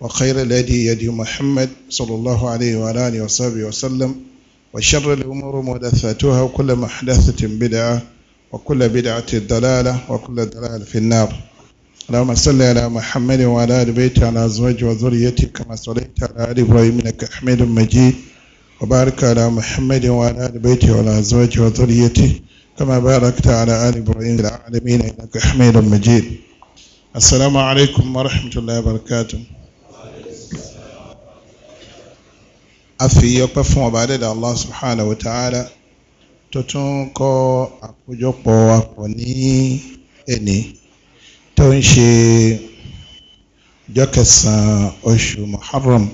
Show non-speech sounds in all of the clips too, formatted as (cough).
وخير الهدي يدي محمد صلى الله عليه وعلى آله وصحبه وسلم وشر الأمور محدثاتها وكل محدثة بدعة وكل بدعة ضلالة وكل ضلالة في النار اللهم صل على محمد وعلى آل بيته على أزواجه وذريته كما صليت على آل إبراهيم إنك حميد مجيد وبارك على محمد وعلى آل بيته وعلى أزواجه وذريته كما باركت على آل إبراهيم العالمين إنك حميد مجيد السلام عليكم ورحمة الله وبركاته a fi ọpẹ́ fún ọba adẹ́dà allah subhanahu wa ta'ala tó tún kọ́ àkójọpọ̀ apọ̀ ní ẹni tó ń ṣe ọjọ́ kẹsàn-án oṣù muharram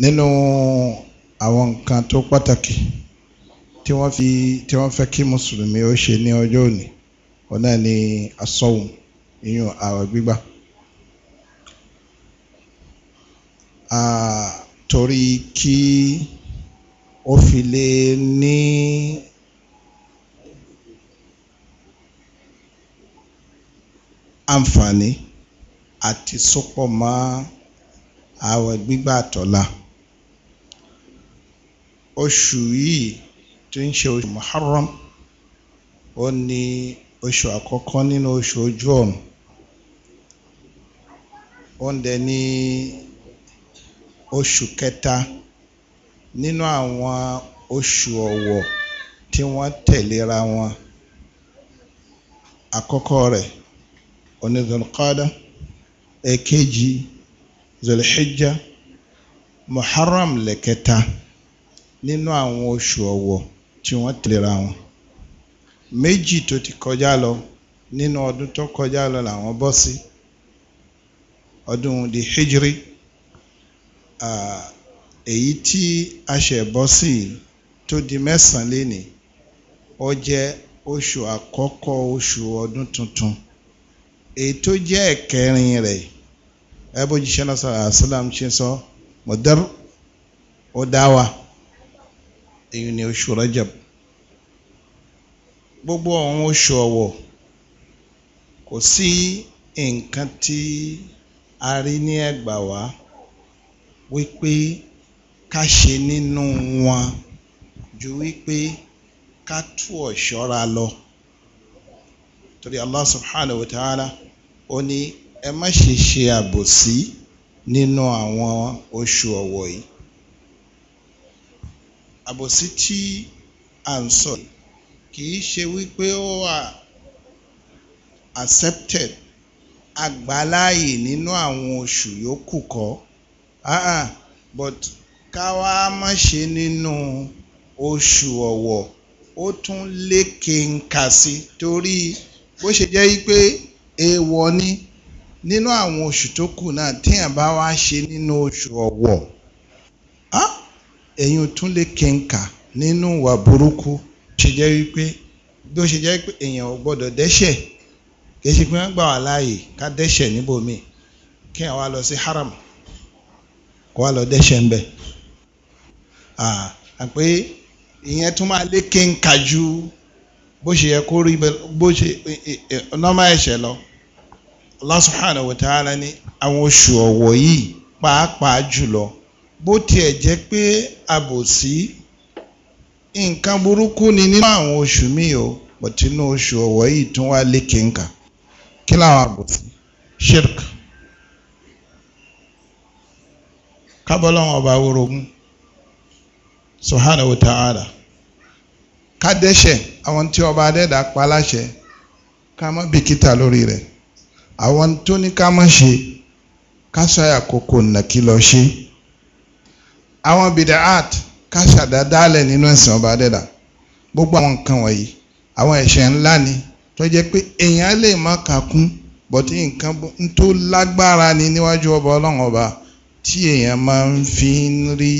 nínú àwọn nǹkan tó pàtàkì tí wọ́n fi tí wọ́n fẹ́ kí mùsùlùmí ó ṣe ní ọjọ́ òní ọ̀nà ni asọ́wùn ìyún àwẹ̀ gbígbà. torí kí ó fi lè ní àǹfààní àti sopọ̀ mọ́ àwẹ̀ gbígbà àtọ̀la oṣù yìí tí ń ṣe oṣù Muharram ó ní oṣù àkọ́kọ́ nínú oṣù ojú ọ̀run ó ń dẹ ní oṣù kẹta nínú àwọn oṣù ọ̀wọ̀ tí wọ́n tẹ̀léra wọn àkọ́kọ́ rẹ̀ oní zulqada èkejì zulhijja muharram lẹ́kẹta nínú àwọn oṣù ọ̀wọ̀ tí wọ́n tẹ̀léra wọn méjì tó ti kọjá lọ nínú ọdún tó kọjá lọ làwọn bọ́ sí ọdún di hijri èyí tí a ṣẹ̀ bọ́ sí tó di mẹ́sàn-án lénìí ó jẹ́ oṣù àkọ́kọ́ oṣù ọdún tuntun èyí tó jẹ́ ẹ̀kẹrin rẹ̀ ẹbójíṣẹ́ náà sọ̀rọ̀ àṣìlám ṣe sọ mọ̀dẹ́rù ó dá wa èyí ni oṣù Rajab gbogbo ọ̀hún oṣù ọ̀wọ̀ kò sí nǹkan tí a rí ní ẹ̀gbà wá wípé ká ṣe nínú wọn ju wípé ká tú ọ̀ṣọ́ra lọ torí Allah subhanahu wa ta'ala ó ní ẹ má ṣe ṣe àbòsí nínú àwọn oṣù ọ̀wọ̀ yìí àbòsí tí à ń sọ kì í ṣe wípé ó wà accepted àgbáláyè nínú àwọn oṣù yòókù kọ́ Ah, ah but ká wá má ṣe nínú oṣù ọ̀wọ̀ ó tún lékè ń kà sí torí bó ṣe jẹ́ pé èèwọ̀ ni nínú àwọn oṣù tó kù náà téèyàn bá wá ṣe nínú oṣù ọ̀wọ̀ ẹ̀yin tún lékè ń kà nínú ìwà burúkú ṣe jẹ́ wípé bí ó ṣe jẹ́ pé èèyàn ò gbọ́dọ̀ dẹ́ṣẹ̀ kì í ṣe pé wọ́n gbà wá láàyè ká dẹ́ṣẹ̀ níbòmíì kí wọ́n lọ sí haram kó wá lọ dẹ́ṣẹ̀ ń bẹ̀ àpé ìyẹn tún máa lé kéńkà ju bó ṣe yẹ kó rí bó ṣe nọ́mà ẹ̀ṣẹ̀ lọ Allah subhanahu wa ta'ala ní àwọn oṣù ọ̀wọ̀ yìí pàápàá jùlọ bó tiẹ̀ jẹ́ pé àbòsí nǹkan burúkú ni nínú àwọn oṣù míì o bọ̀tínú oṣù ọ̀wọ̀ yìí tún wá lé kéńkà kí làwọn àbòsí shirk. kábọ́lọ́wọ́n ọba orogún subhanahu wa ta'ala kádẹ́ṣẹ̀ àwọn tí ọba adẹ́dà pa láṣẹ ká má bìkítà lórí rẹ̀ àwọn tó ní ká má ṣe ká sọ̀yà kòkò nàkí lọ ṣe àwọn bidaat ká ṣàdádálẹ̀ nínú ẹ̀sìn ọba adẹ́dà gbogbo àwọn nǹkan wọ̀nyí àwọn ẹ̀ṣẹ̀ ńlá ni tó jẹ́ pé èèyàn lè má kà bọ̀tí nǹkan tó lágbára ni níwájú ọba ọlọ́run ọba. tí èèyàn máa ń fi ń rí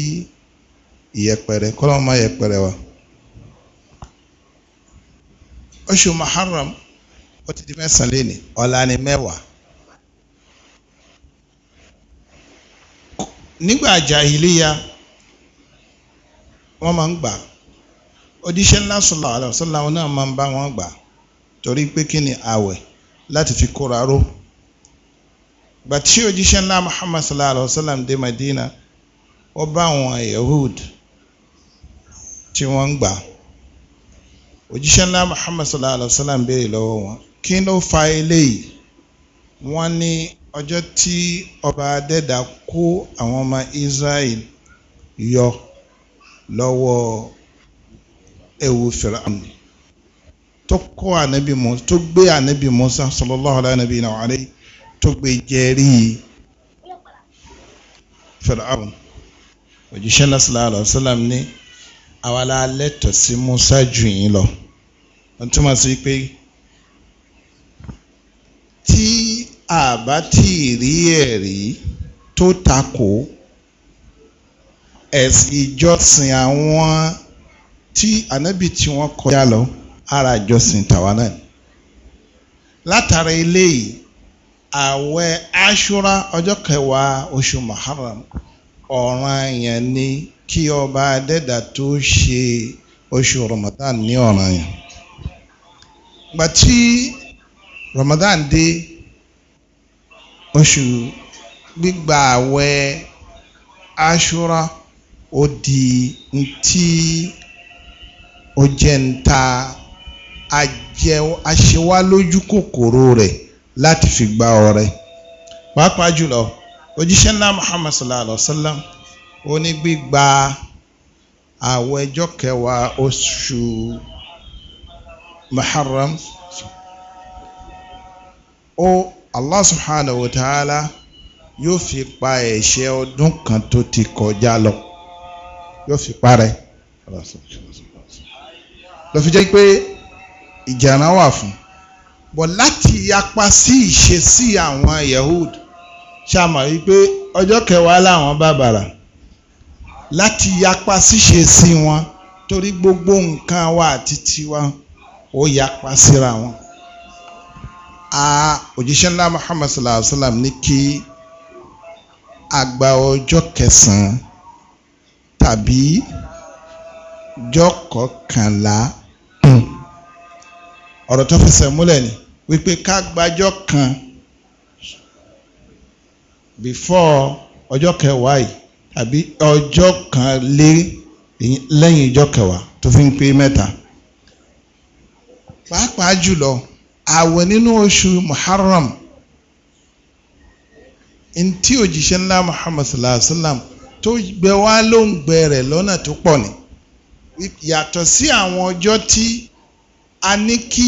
ìyẹpẹrẹ kọ́lọ́mù má yẹpẹrẹ wa. oṣù Muharram ó ti di mẹ́sàn-án lé ní ọ̀la ni mẹ́wàá. nígbà jàhílíyà wọ́n máa ń gbà odíṣẹ́ ńlá sallallahu alaihi wasallam náà máa ń bá wọn gbà torí pé kí ni àwẹ̀ láti fi kóra ró bàtí òjíṣẹ́ ńlá Muhammad sallallahu alayhi wa sallam dé Madina ó bá àwọn Yahud tí wọ́n ń gbà òjíṣẹ́ ńlá Muhammad sallallahu alayhi wa sallam béèrè lọ́wọ́ wọn kí ló fa eléyìí wọ́n ní ọjọ́ tí ọba adẹ́dà kó àwọn ọmọ Israel yọ lọ́wọ́ ewu Fir'aun tó kó ànábì Musa tó gbé ànábì Musa sallallahu alayhi wa sallam tó gbé jẹ́rí fìràwùn òjíṣẹ́ náà sallallahu alaihi wasallam ní àwa la lẹ́tọ̀ọ́ sí Musa jù yín lọ wọ́n túmọ̀ sí pé tí a tí ì rí ẹ̀rí tó takò ẹ̀sìn ìjọsìn àwọn tí ànábì tí wọ́n kọjá lọ ara ìjọsìn tàwa náà látara eléyìí àwẹ̀ aṣúra ọjọ́ kẹwàá oṣù muharram ọ̀ranyàn ni kí ọba adẹ́dà tó ṣe oṣù ramadan ní ọ̀ràn gbà gbàtí ramadan dé oṣù gbígba àwẹ̀ aṣúra ó di ntí ó jẹ́ ń ta kòkòrò rẹ̀. láti fi gba ọrẹ pàápàá jùlọ òjíṣẹ́ ńlá Muhammad sallallahu alaihi wa sallam ó ní gbígba àwẹ̀ ọjọ́ kẹwàá oṣù Muharram ó Allah subhanahu wa ta'ala yóò fi pa ẹ̀ṣẹ̀ ọdún kan tó ti kọjá lọ yóò fi parẹ́ lọ pé ìjà wà fún un bọ̀ láti yapa sí ìṣesí àwọn Yahud ṣàmọ̀ wípé ọjọ́ kẹwàá làwọn bàbàrà láti yapa síṣe sí wọn torí gbogbo nǹkan wa àti tiwa ó yapa síra wọn. a òjíṣẹ́ ńlá Muhammad sallallahu alayhi wa sallam ní kí àgbà ọjọ́ kẹsàn-án tàbí jọ́kọ̀ọ́kànlá ọ̀rọ̀ tó fẹsẹ̀ múlẹ̀ ni wípé ká gbàjọ́ kan before ọjọ́ kẹwàá yìí àbí ọjọ́ kan lé lẹ́yìn ọjọ́ kẹwàá tó fi ń pé mẹ́ta pàápàá jùlọ àwẹ̀ nínú oṣù Muharram ntí òjíṣẹ́ ńlá Muhammad sallallahu alaihi wa sallam tó gbẹ wá ló ń gbẹ rẹ̀ lọ́nà tó pọ̀ ni yàtọ̀ sí àwọn ọjọ́ tí a ní kí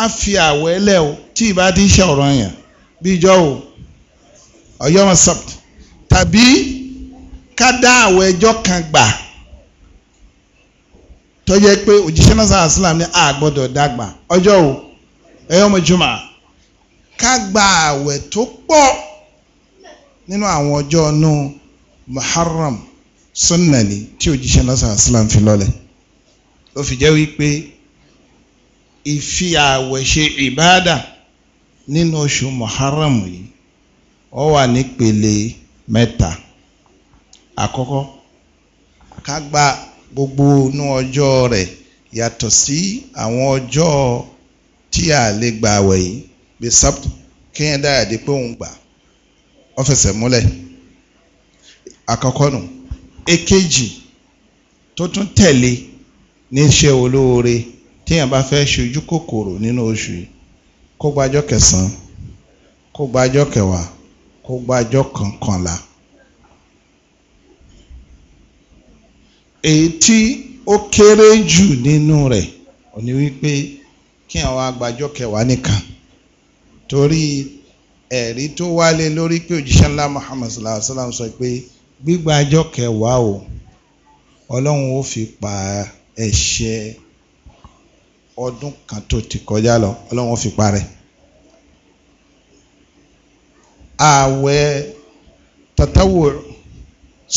a fi àwọ̀ ẹlẹ́ o tí ì bá ti ṣe ọ̀ràn yẹn bí ìjọ o ọ̀yọ́mọ sọ̀t tàbí ká dá àwọ̀ ẹjọ́ kan gbà tó jẹ́ pé òjíṣẹ́ náà sáà sílám ní a gbọ́dọ̀ dàgbà ọjọ́ o ẹ̀yọ́ ọmọ jùmọ̀ ká gba àwẹ̀ tó pọ̀ nínú àwọn ọjọ́ inú Muharram sunnani tí òjíṣẹ́ náà sáà sílám fi lọ́lẹ̀ ló fi jẹ́ wípé ìfi àwẹ̀ ṣe ìbáàdà nínú oṣù Muharram yìí ó wà nípele mẹ́ta àkọ́kọ́ ká gba gbogbo inú ọjọ́ rẹ̀ yàtọ̀ sí àwọn ọjọ́ tí a lè gba àwẹ̀ yìí bí sábà kéèyàn dára dé pé òun gbà ó fẹsẹ̀ múlẹ̀ àkọ́kọ́ nù èkejì tó tún tẹ̀lé níṣẹ́ olóore téèyàn bá fẹ́ ṣojú kòkòrò nínú oṣù yìí kó gbàjọ́ kẹsàn-án kó gbàjọ́ kẹwàá kó gbàjọ́ kọkànlá. èyí tí ó kéré jù nínú rẹ̀ ò ní wípé kí àwọn agbàjọ́ kẹwàá nìkan torí ẹ̀rí tó wálé lórí pé òjíṣẹ́ ńlá Muhammad sallallahu alaihi wasallam sọ pé gbígbàjọ́ kẹwàá o ọlọ́run ó fi pa ẹ̀ṣẹ̀ ọdún kan tó ti kọjá lọ ọlọ́run fi parẹ́ ààwẹ̀ tatawo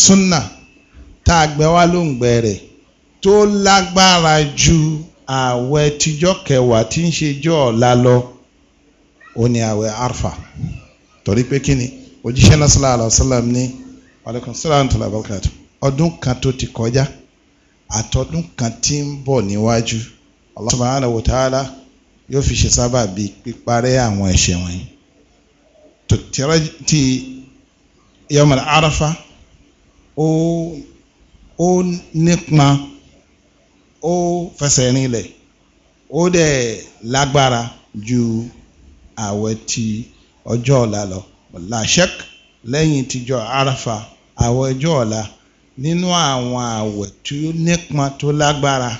sunna tá a gbẹ wá ló ń gbẹ rẹ̀ tó lágbára ju ààwẹ̀ tíjọ́ kẹwàá tí ń ṣe jọ́ ọ̀la lọ ó ní ààwẹ̀ arfa torí pé kí ni òjíṣẹ́ náà sallallahu alaihi wasallam ní alaikum salaam tó làbàkàtà ọdún kan tó ti kọjá àtọdún kan tí ń bọ̀ níwájú. Allah subhanahu wa ta'ala yóò fi ṣe sábà bíi píparẹ́ àwọn ẹ̀ṣẹ̀ wọ̀nyí tòtìrẹ́ ti yọmọlá arafa ó ó nípa ó fẹsẹ̀ rinlẹ̀ ó dẹ̀ lágbára ju àwẹ̀ ti ọjọ́ ọ̀la lọ làṣẹk lẹ́yìn tíjọ arafa àwẹ̀ ọjọ́ ọ̀la nínú àwọn àwẹ̀ tó nípa tó lágbára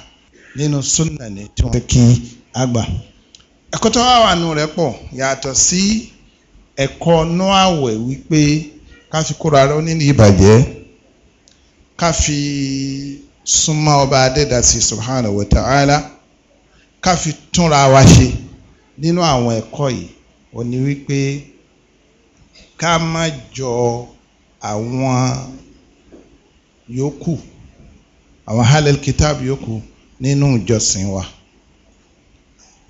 nínú súnà ni tí wọ́n fẹ́ kí á gbà. ẹ̀kọ́ tó wà wànú rẹ̀ pọ̀ yàtọ̀ sí ẹ̀kọ́ nú àwẹ̀ wípé ká fi kóra ró nínú ìbàjẹ́ ká fi súnmọ́ ọba adédàsí subhanahu wa ta'ala ká fi túnra wa ṣe nínú àwọn ẹ̀kọ́ yìí ó ní wípé ká má jọ àwọn yòókù àwọn halal kitab yòókù nínú ìjọsìn wa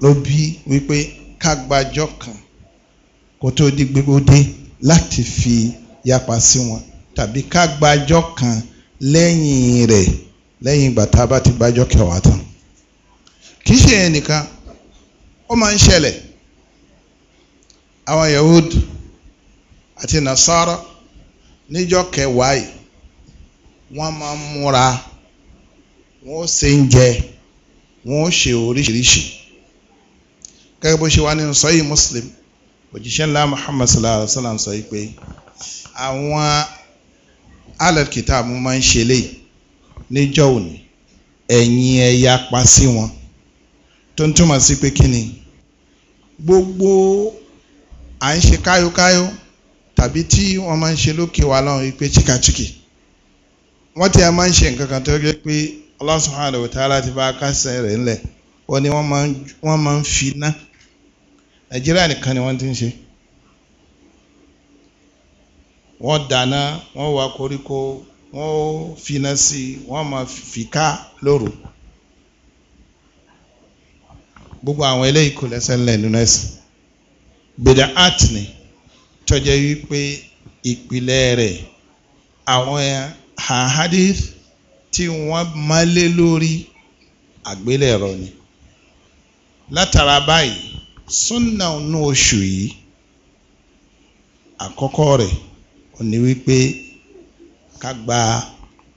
ló bí wípé ká gbàjọ́ kan kó tó di gbogbo dé láti fi yapa sí wọn tàbí ká gbàjọ́ kan lẹ́yìn rẹ̀ lẹ́yìn ìgbà tá a bá ti gbàjọ́ kẹwàá tán kì í ṣe ẹnìkan ó máa ń ṣẹlẹ̀ àwọn Yahud àti Nasara níjọ́ kẹwàá yìí wọ́n máa ń múra wọ́n ṣe ń jẹ wọ́n ṣe oríṣiríṣi gẹ́gẹ́ bó ṣe wá nínú sọ́yí muslim òjíṣẹ́ ńlá muhammad sallallahu alaihi wa sallam sọ pé àwọn alẹ́kìtà mo máa ń ṣe lé níjọ́ òní ẹ̀yin ẹ yapa sí wọn tó ń túmọ̀ sí pé kí ni gbogbo à ń ṣe káyókáyó tàbí tí wọ́n máa ń ṣe lókè wa lọ́run pé chikachiki wọ́n ti máa ń ṣe nǹkan kan tó yẹ pé Allah subhanahu wa ta'ala ti bá kásẹ̀ rẹ̀ ńlẹ̀ wọ́n ní wọ́n máa ń fi ná nàìjíríà nìkan ni wọ́n ti ń ṣe wọ́n dáná wọ́n wá koríko wọ́n finá sí i wọ́n máa fi ká lóru gbogbo àwọn eléyìí kò lẹ́sẹ̀ ńlẹ̀ nínú ẹ̀sìn gbèdà art ni tọ́jẹ́ wípé ìpìlẹ̀ rẹ̀ àwọn ahadith tí wọ́n mọ́lé lórí àgbélẹ̀rọ ni látara báyìí súnà inú oṣù yìí àkọ́kọ́ rẹ̀ ò ní wípé ká gba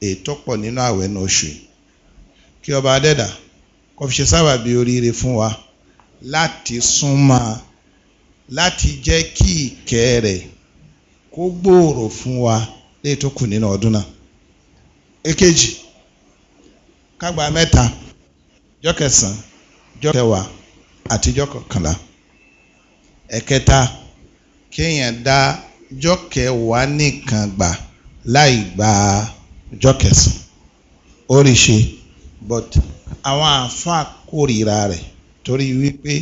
ètò pọ̀ nínú àwẹ̀ inú oṣù yìí kí ọba adẹ́dà kó fi ṣe sábàbí oríire fún wa láti súnmọ́ láti jẹ́ kí ìkẹ́ rẹ̀ kó gbòòrò fún wa léètò kù nínú ọdún náà èkejì. E kágbà mẹ́ta jọ́ kẹsàn-án jọ́ kẹwàá àti jọ́ kọkànlá ẹ̀kẹta kéèyàn dá jọ́ kẹwàá nìkan gbà láì gba jọ́ kẹsàn oríṣi but àwọn àáfàá kórìíra rẹ̀ torí wípé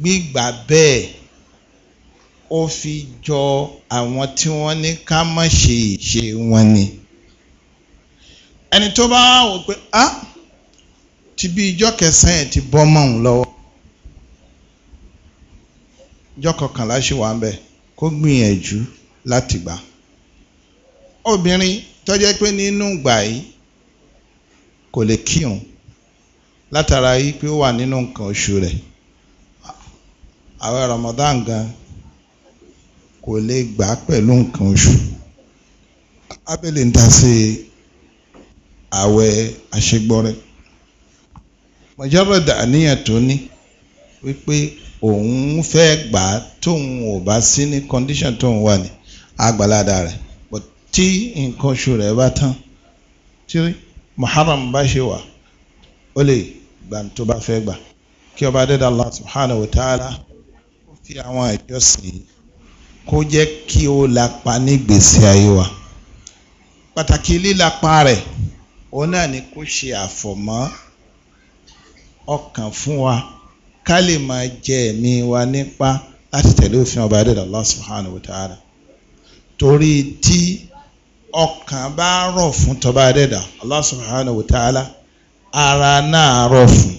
gbígbà bẹ́ẹ̀ ó fi jọ àwọn tí wọ́n ní ká má ṣe ìṣe wọn ni ẹni tó bá wò pé ah ti bí ijọ́ kẹsàn-án ẹ̀ ti bọ́ mọ́ òun lọ́wọ́ ijọ́ kọkànlá ṣì wà ń bẹ̀ kó gbìyànjú láti gbà obìnrin tó jẹ́ pé nínú ìgbà yìí kò lè kírun látara yìí pé ó wà nínú nǹkan oṣù rẹ̀ àwẹ̀ Ramadan gan kò lè gbà pẹ̀lú nǹkan oṣù abẹ́lẹ̀ ń ta sí àwẹ̀ àṣegbọ́rẹ́ mọ̀jọ́rọ̀dà àníyàn tó ní wípé òun fẹ́ gbà á tóun ò bá sí ní condition tóun wà ní àgbàládà rẹ̀ but tí nǹkan oṣù rẹ̀ bá tán tí muharram bá ṣe wà ó lè gbà tó bá fẹ́ gbà kí ọba dẹ́dà Allah subhanahu wa ta'ala ó fi àwọn ìjọsìn kó jẹ́ kí ó lapa ní gbèsè ayé wa pàtàkì lílapa rẹ̀ òun náà ni kó ṣe àfọ̀mọ́ ọkàn fún wa ká lè máa jẹ ẹ̀mí wa nípa láti tẹ̀lé òfin ọba adẹ́dàá Allah subhanahu wa ta'ala torí tí ọkàn bá rọ̀ fún tọba adẹ́dàá Allah subhanahu wa ta'ala ara náà rọ̀ fún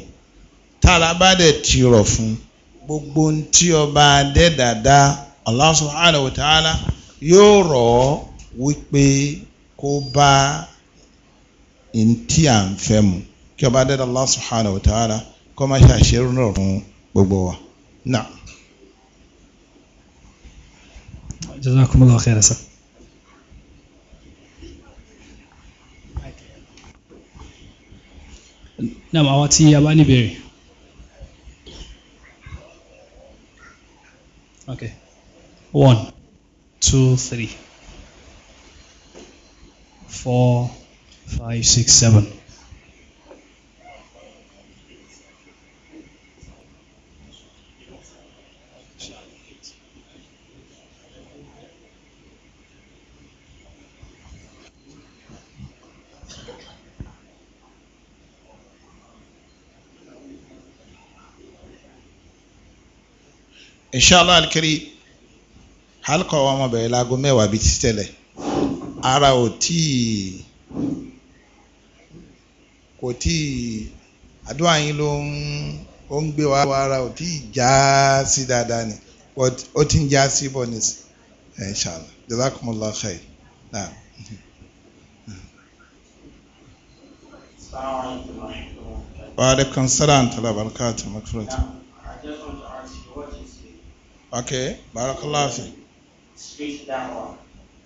tára bá dẹ̀ ti rọ̀ fún gbogbo tí ọba adẹ́dàá dá Allah subhanahu wa ta'ala yóò rọ̀ ọ́ wípé kó bá ntí à ń fẹ́ mu. كبادة الله سبحانه وتعالى كما يشيرون رونو بقبوة نعم جزاكم الله خير سب نعم أواتي ياباني بيري Okay. One, two, three, four, five, six, seven. inshallah alikiri halkọ wa máa bẹ̀rẹ̀ láago mẹ́wàá bíi títẹ̀lẹ̀ ara ò tí kò tí àdúrà yín ló ń ó ń gbé wa ara ò tí já sí dáadáa ni ó ti ń já sí bọ̀ ní inshallah jazakumullah khair naam. wa alaikum salaam tala barakatu makurata. Okay, Barakalasi. Speak that one.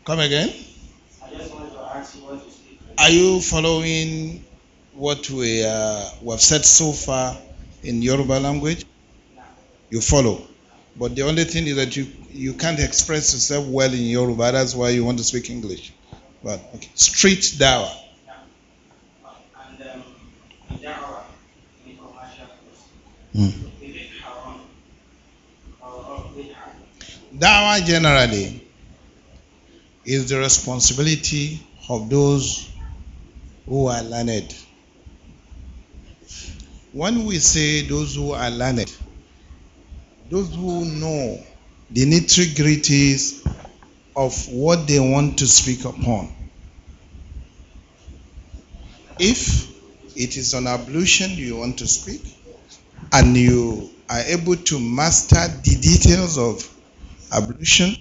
Come again. I just wanted to ask you what you speak. Are you following what we, uh, we have said so far in Yoruba language? No. You follow. But the only thing is that you, you can't express yourself well in Yoruba. That's why you want to speak English. But okay. Street dawa. Yeah. And um, dawa, commercial mm. Dawah generally is the responsibility of those who are learned. When we say those who are learned, those who know the nitty gritties of what they want to speak upon. If it is an ablution you want to speak, and you are able to master the details of ablution,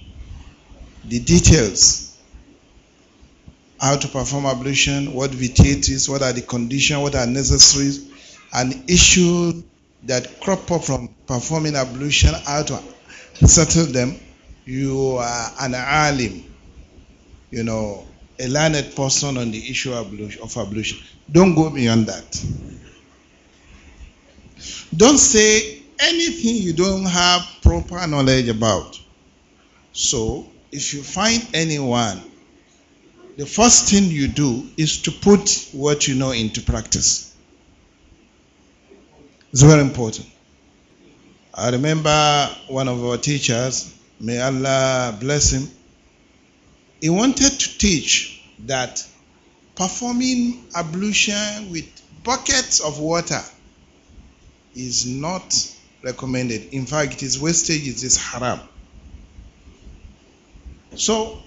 the details, how to perform ablution, what vitiate is, what are the conditions, what are necessary, and issues that crop up from performing ablution, how to settle them. You are an alim, you know, a learned person on the issue of ablution. Don't go beyond that. Don't say anything you don't have proper knowledge about. So, if you find anyone, the first thing you do is to put what you know into practice. It's very important. I remember one of our teachers, may Allah bless him, he wanted to teach that performing ablution with buckets of water is not recommended. In fact, it is wastage, it is haram. So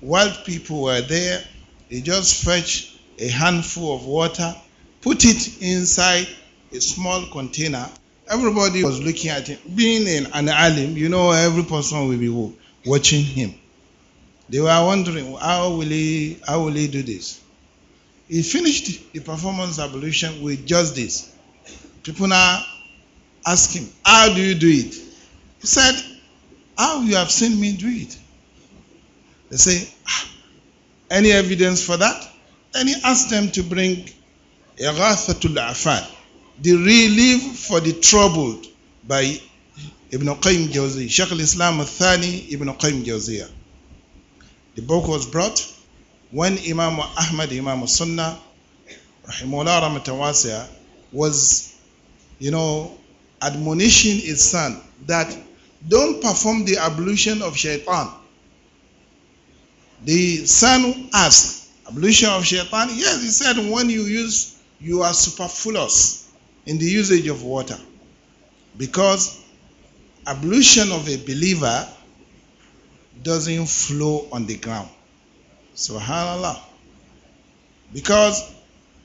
while people were there, they just fetched a handful of water, put it inside a small container. Everybody was looking at him. Being in an alim, you know, every person will be watching him. They were wondering, how will he, how will he do this? He finished the performance ablution with just this. People now ask him, how do you do it? He said, how you have seen me do it? They say, ah, any evidence for that? And he asked them to bring Irathatul Afan, the relief for the troubled by Ibn Qayyim Jawzi, Sheikh al-Islam al-Thani Ibn Qayyim Jawziya. The book was brought when Imam Ahmad, Imam Sunnah, Rahimullah Ramatawasya, was, you know, admonishing his son that don't perform the ablution of shaitan The son asked, ablution of shaitan? Yes, he said, when you use, you are superfluous in the usage of water. Because ablution of a believer doesn't flow on the ground. Subhanallah. Because,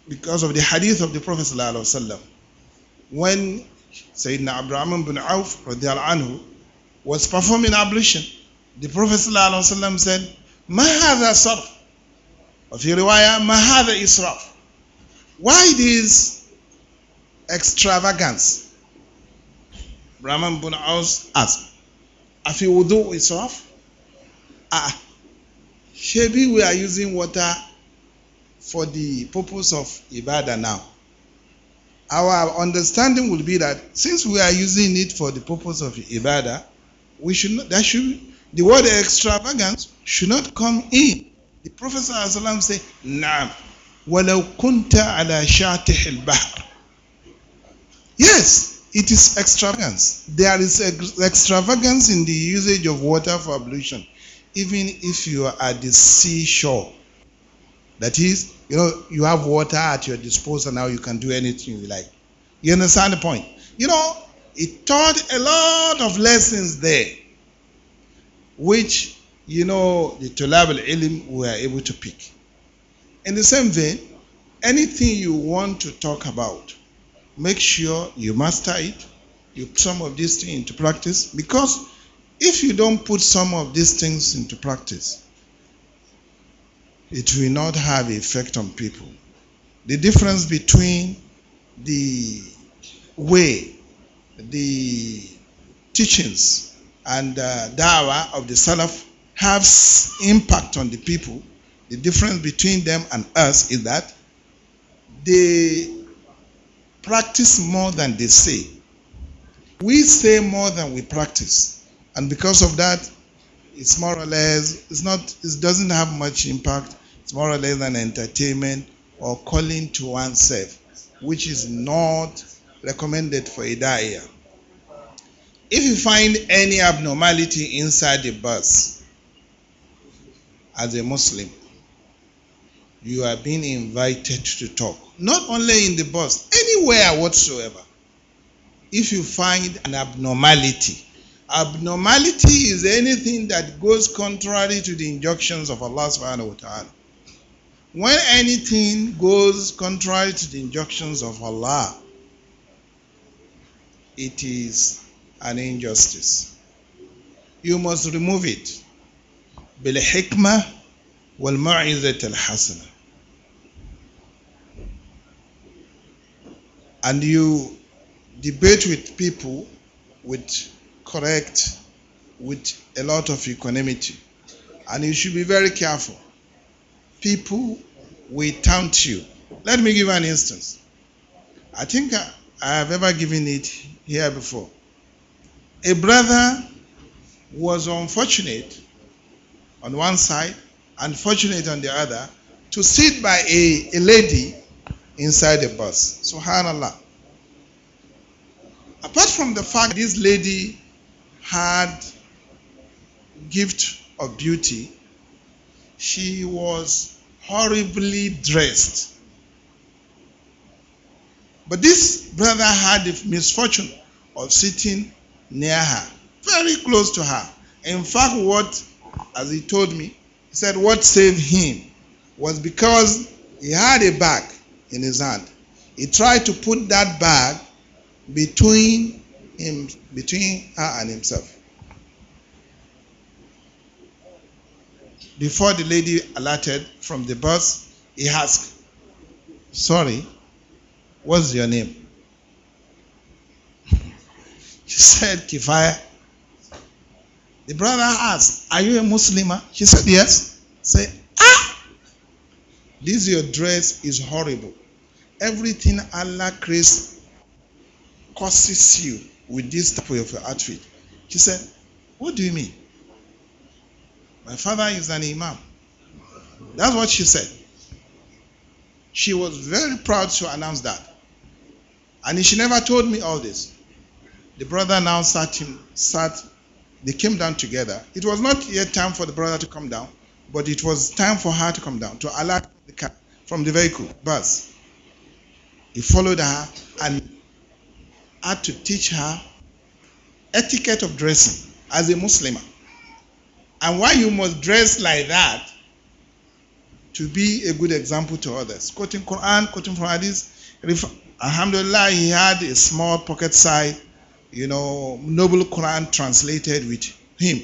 because of the hadith of the Prophet ﷺ, when Sayyidina Abraham bin Auf anhu, was performing ablution, the Prophet ﷺ said, ما هذا صرف وفي رواية ما هذا why this extravagance Brahman bin Aus asked afi wudu israf ah, ah shebi we are using water for the purpose of ibadah now our understanding will be that since we are using it for the purpose of ibadah we should not, that should The word extravagance should not come in. The Prophet ﷺ said, Naam, walau kunta ala shatih al-bahr. Yes, it is extravagance. There is extravagance in the usage of water for ablution, even if you are at the seashore. That is, you know, you have water at your disposal now, you can do anything you like. You understand the point? You know, it taught a lot of lessons there which you know the Tulab al-Ilm were able to pick. In the same vein, anything you want to talk about, make sure you master it, you put some of these things into practice, because if you don't put some of these things into practice, it will not have effect on people. The difference between the way, the teachings and uh, dawah of the Salaf has impact on the people, the difference between them and us is that they practice more than they say. We say more than we practice, and because of that, it's more or less it's not it doesn't have much impact. It's more or less an entertainment or calling to oneself, which is not recommended for a diet if you find any abnormality inside the bus as a Muslim you are being invited to talk not only in the bus anywhere whatsoever if you find an abnormality abnormality is anything that goes contrary to the injunctions of Allah subhanahu wa ta'ala when anything goes contrary to the injunctions of Allah it is and injustice. You must remove it. بالحكمة والموعظة الحسنة. And you debate with people with correct, with a lot of equanimity. And you should be very careful. People will taunt you. Let me give an instance. I think I, I have ever given it here before a brother was unfortunate on one side, unfortunate on the other, to sit by a, a lady inside a bus. Subhanallah. Apart from the fact this lady had gift of beauty, she was horribly dressed. But this brother had the misfortune of sitting near her, very close to her. In fact, what, as he told me, he said, what saved him was because he had a bag in his hand. He tried to put that bag between him, between her and himself. Before the lady alighted from the bus, he asked, Sorry, what's your name? She said, Kifaya. The brother asked, Are you a Muslimah? She said, Yes. Say, Ah! This your dress is horrible. Everything Allah creates causes you with this type of your outfit. She said, What do you mean? My father is an imam. That's what she said. She was very proud to announce that. And she never told me all this. The brother now sat him, sat, they came down together. It was not yet time for the brother to come down, but it was time for her to come down, to alert the car from the vehicle, bus. He followed her and had to teach her etiquette of dressing as a Muslim. And why you must dress like that to be a good example to others. Quoting Quran, quoting from Hadith. Alhamdulillah, he had a small pocket size you know, Noble Quran translated with him.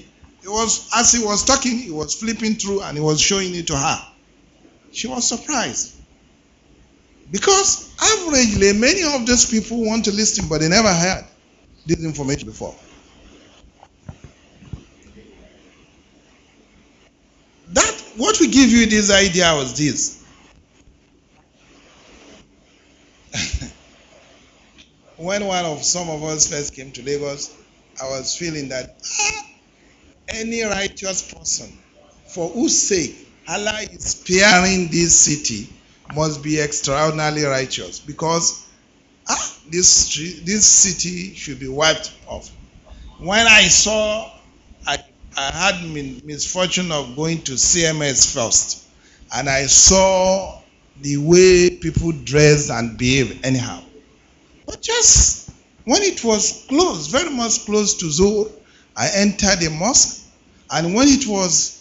It was as he was talking, he was flipping through and he was showing it to her. She was surprised. Because averagely, many of those people want to listen, but they never heard this information before. That what we give you this idea was this when one of some of us first came to Lagos, I was feeling that ah, any righteous person for whose sake Allah is sparing this city must be extraordinarily righteous because ah, this, this city should be wiped off. When I saw, I, I had min, misfortune of going to CMS first, and I saw the way people dress and behave anyhow. But just when it was close, very much close to Zuhr, I entered the mosque. And when it was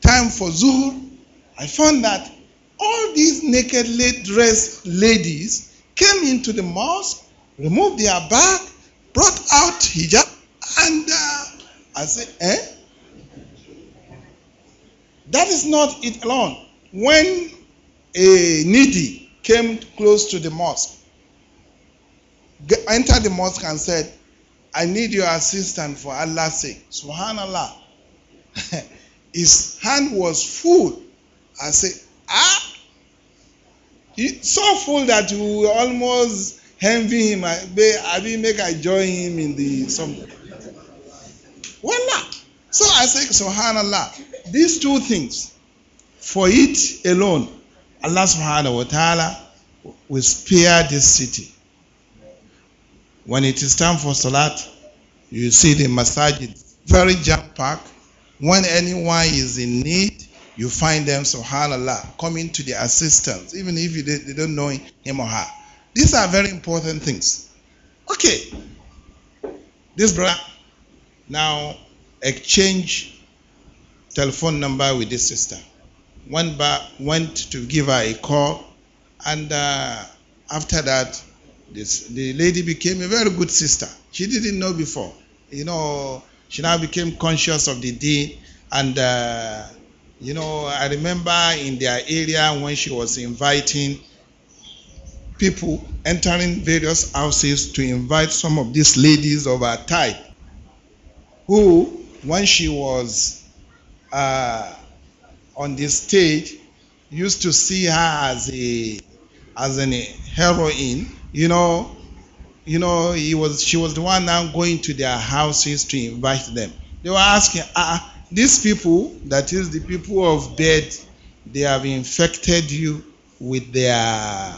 time for Zuhr, I found that all these nakedly dressed ladies came into the mosque, removed their bag, brought out hijab, and uh, I said, eh? That is not it alone. When a needy came close to the mosque, Entered the mosque and said, I need your assistance for Allah's sake. Subhanallah. (laughs) His hand was full. I said, Ah! He, so full that you almost envy him. I, I didn't make I join him in the something. Voila! So I said, Subhanallah, these two things, for it alone, Allah subhanahu wa ta'ala will spare this city. When it is time for Salat, you see the masajid very jam-packed. When anyone is in need, you find them, subhanAllah, coming to the assistance, even if you, they don't know him or her. These are very important things. Okay. This brother now exchange telephone number with this sister. One bar went to give her a call, and uh, after that, This, the lady became a very good sister. She didn't know before. You know, she now became conscious of the deed. And, uh, you know, I remember in their area when she was inviting people entering various houses to invite some of these ladies of her type who, when she was uh, on the stage, used to see her as a as an heroine You know, you know, he was she was the one now going to their houses to invite them. They were asking, ah, ah, these people, that is the people of death, they have infected you with their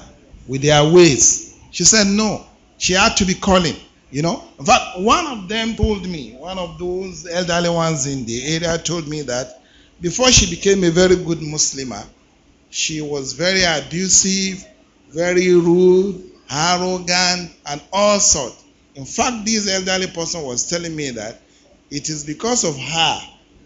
with their ways. She said no. She had to be calling. You know, but one of them told me, one of those elderly ones in the area told me that before she became a very good Muslimah, she was very abusive, very rude, arrogant, and all sort. In fact, this elderly person was telling me that it is because of her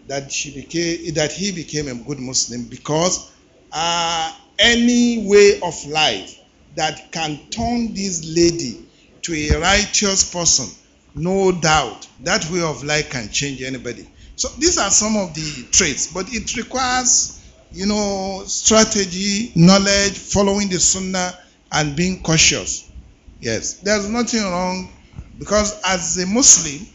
that she became that he became a good Muslim because uh, any way of life that can turn this lady to a righteous person, no doubt that way of life can change anybody. So these are some of the traits, but it requires you know strategy, knowledge, following the sunnah and being cautious. Yes, there's nothing wrong because as a Muslim,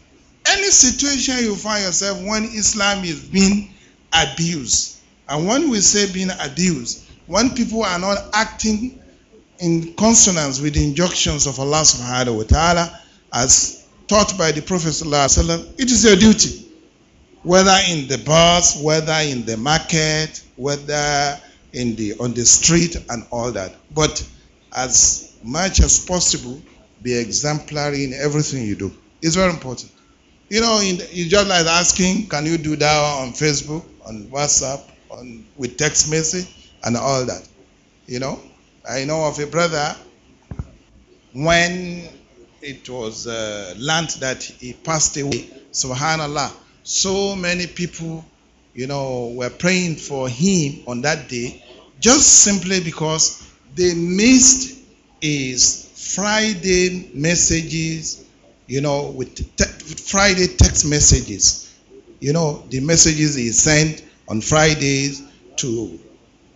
any situation you find yourself when Islam is being abused, and when we say being abused, when people are not acting in consonance with the injunctions of Allah subhanahu wa ta'ala as taught by the Prophet sallallahu alaihi wasallam, it is your duty. Whether in the bus, whether in the market, whether in the on the street and all that. But as much as possible, be exemplary in everything you do. It's very important. You know, in, you just like asking, can you do that on Facebook, on WhatsApp, on with text message, and all that. You know, I know of a brother when it was uh, learned that he passed away. Subhanallah, so many people, you know, were praying for him on that day, just simply because they missed is Friday messages, you know, with te- Friday text messages. You know, the messages he sent on Fridays to,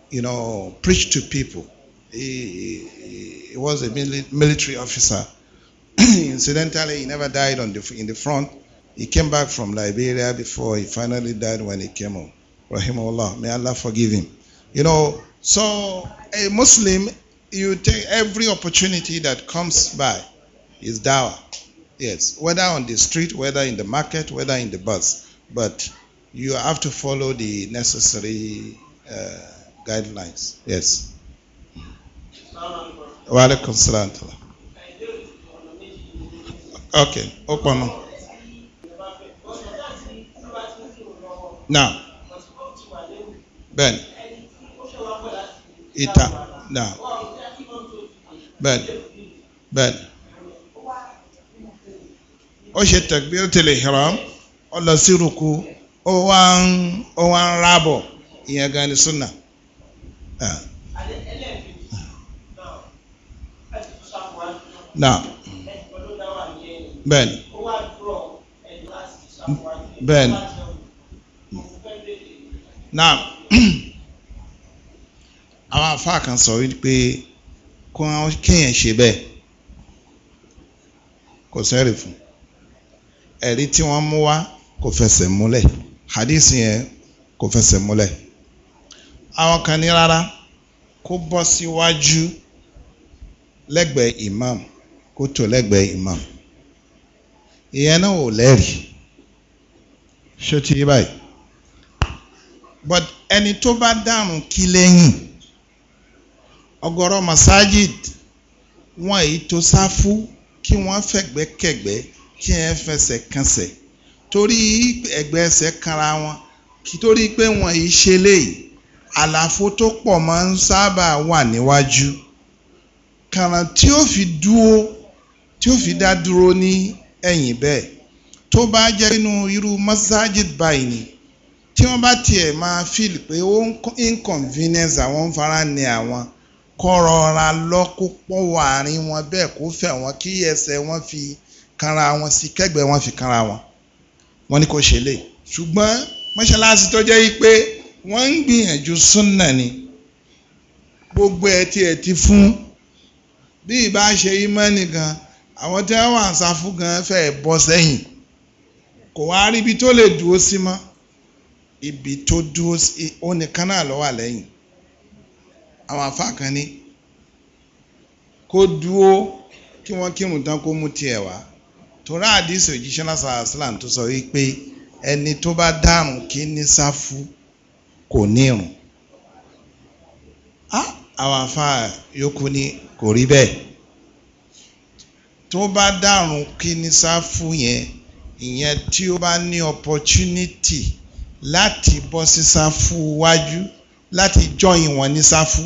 you know, preach to people. He, he, he was a military officer. (clears throat) Incidentally, he never died on the, in the front. He came back from Liberia before he finally died when he came home. Rahimullah. May Allah forgive him. You know, So a Muslim, you take every opportunity that comes by is dawah. Yes, whether on the street, whether in the market, whether in the bus, but you have to follow the necessary uh, guidelines. Yes. Wa alaikum salam. Okay. Open. Now. Ben ìta náà bẹ́ẹ̀ni bẹ́ẹ̀ni ó ṣe takbiratul ihram ó lọ sí ruku ó wá ń ó wá ń rábọ̀ ìyẹn gan ni súnà. náà bẹ́ẹ̀ni bẹ́ẹ̀ni (clears throat) àwọn afá kan sọ wípé kó kéèyàn ṣe bẹ́ẹ̀ kò sẹ́rì fún ẹ̀rí tí wọ́n mú wá kò fẹsẹ̀ múlẹ̀ hadith yẹn kò fẹsẹ̀ múlẹ̀ àwọn kan ní rárá kó bọ́ síwájú lẹ́gbẹ̀ẹ́ imam kó tó lẹ́gbẹ̀ẹ́ imam ìyẹn náà ò lẹ́rìí ṣó ti yí báyìí but ẹni tó bá dàrún kí lẹ́yìn ọ̀gọ̀rọ̀ masajid wọn èyí tó sáfú kí wọ́n fẹ̀gbẹ́kẹ̀gbẹ́ kí ẹ fẹsẹ̀ kànsẹ̀ torí ẹ̀gbẹ́ ẹsẹ̀ kanra wọn torí pé wọn èyí ṣe léyìí àlàfo tó pọ̀ máa ń sábà wà níwájú kàràn tí ó fi dúró tí ó fi dá dúró ní ẹ̀yìn bẹ́ẹ̀ tó bá jẹ́ nínú irú masajid báyìí ni tí wọ́n bá tiẹ̀ máa fíìlì pé ó ń inconvenience àwọn ń fara ní àwọn kọ́rọ̀ra lọ kó pọ̀ wọ àárín wọn bẹ́ẹ̀ kó fẹ̀ wọ́n kí ẹsẹ̀ wọn fi kanra wọn sí kẹ́gbẹ́ wọn fi kanra wọn wọ́n ní kò ṣe lè ṣùgbọ́n mọ́ṣáláṣí tó jẹ́ yí pé wọ́n ń gbìyànjú súnà ni gbogbo ẹ̀ tiẹ̀ ti fún bí ìbá ṣe yí mọ́ nìkan àwọn tí wọ́n wà ń sáfù gan fẹ́ bọ́ sẹ́yìn kò wá rí ibi tó lè dúró sí mọ́ ibi tó dúró sí ó nìkan náà ló lẹ́yìn àwọn àfáà kan ní kó dúó kí wọ́n kírun tán kó mú tiẹ̀ wá torí àdìsí òjíṣẹ́ lásán aslam tó sọ wípé ẹni tó bá dárùn kí ní sáfù kò nírun àwọn àfáà yòókù ni kò rí bẹ́ẹ̀ tó bá dárùn kí ní sáfù yẹn ìyẹn tí ó bá ní opportunity láti bọ́ sí sáfù wájú láti jọyìn wọn ní sáfù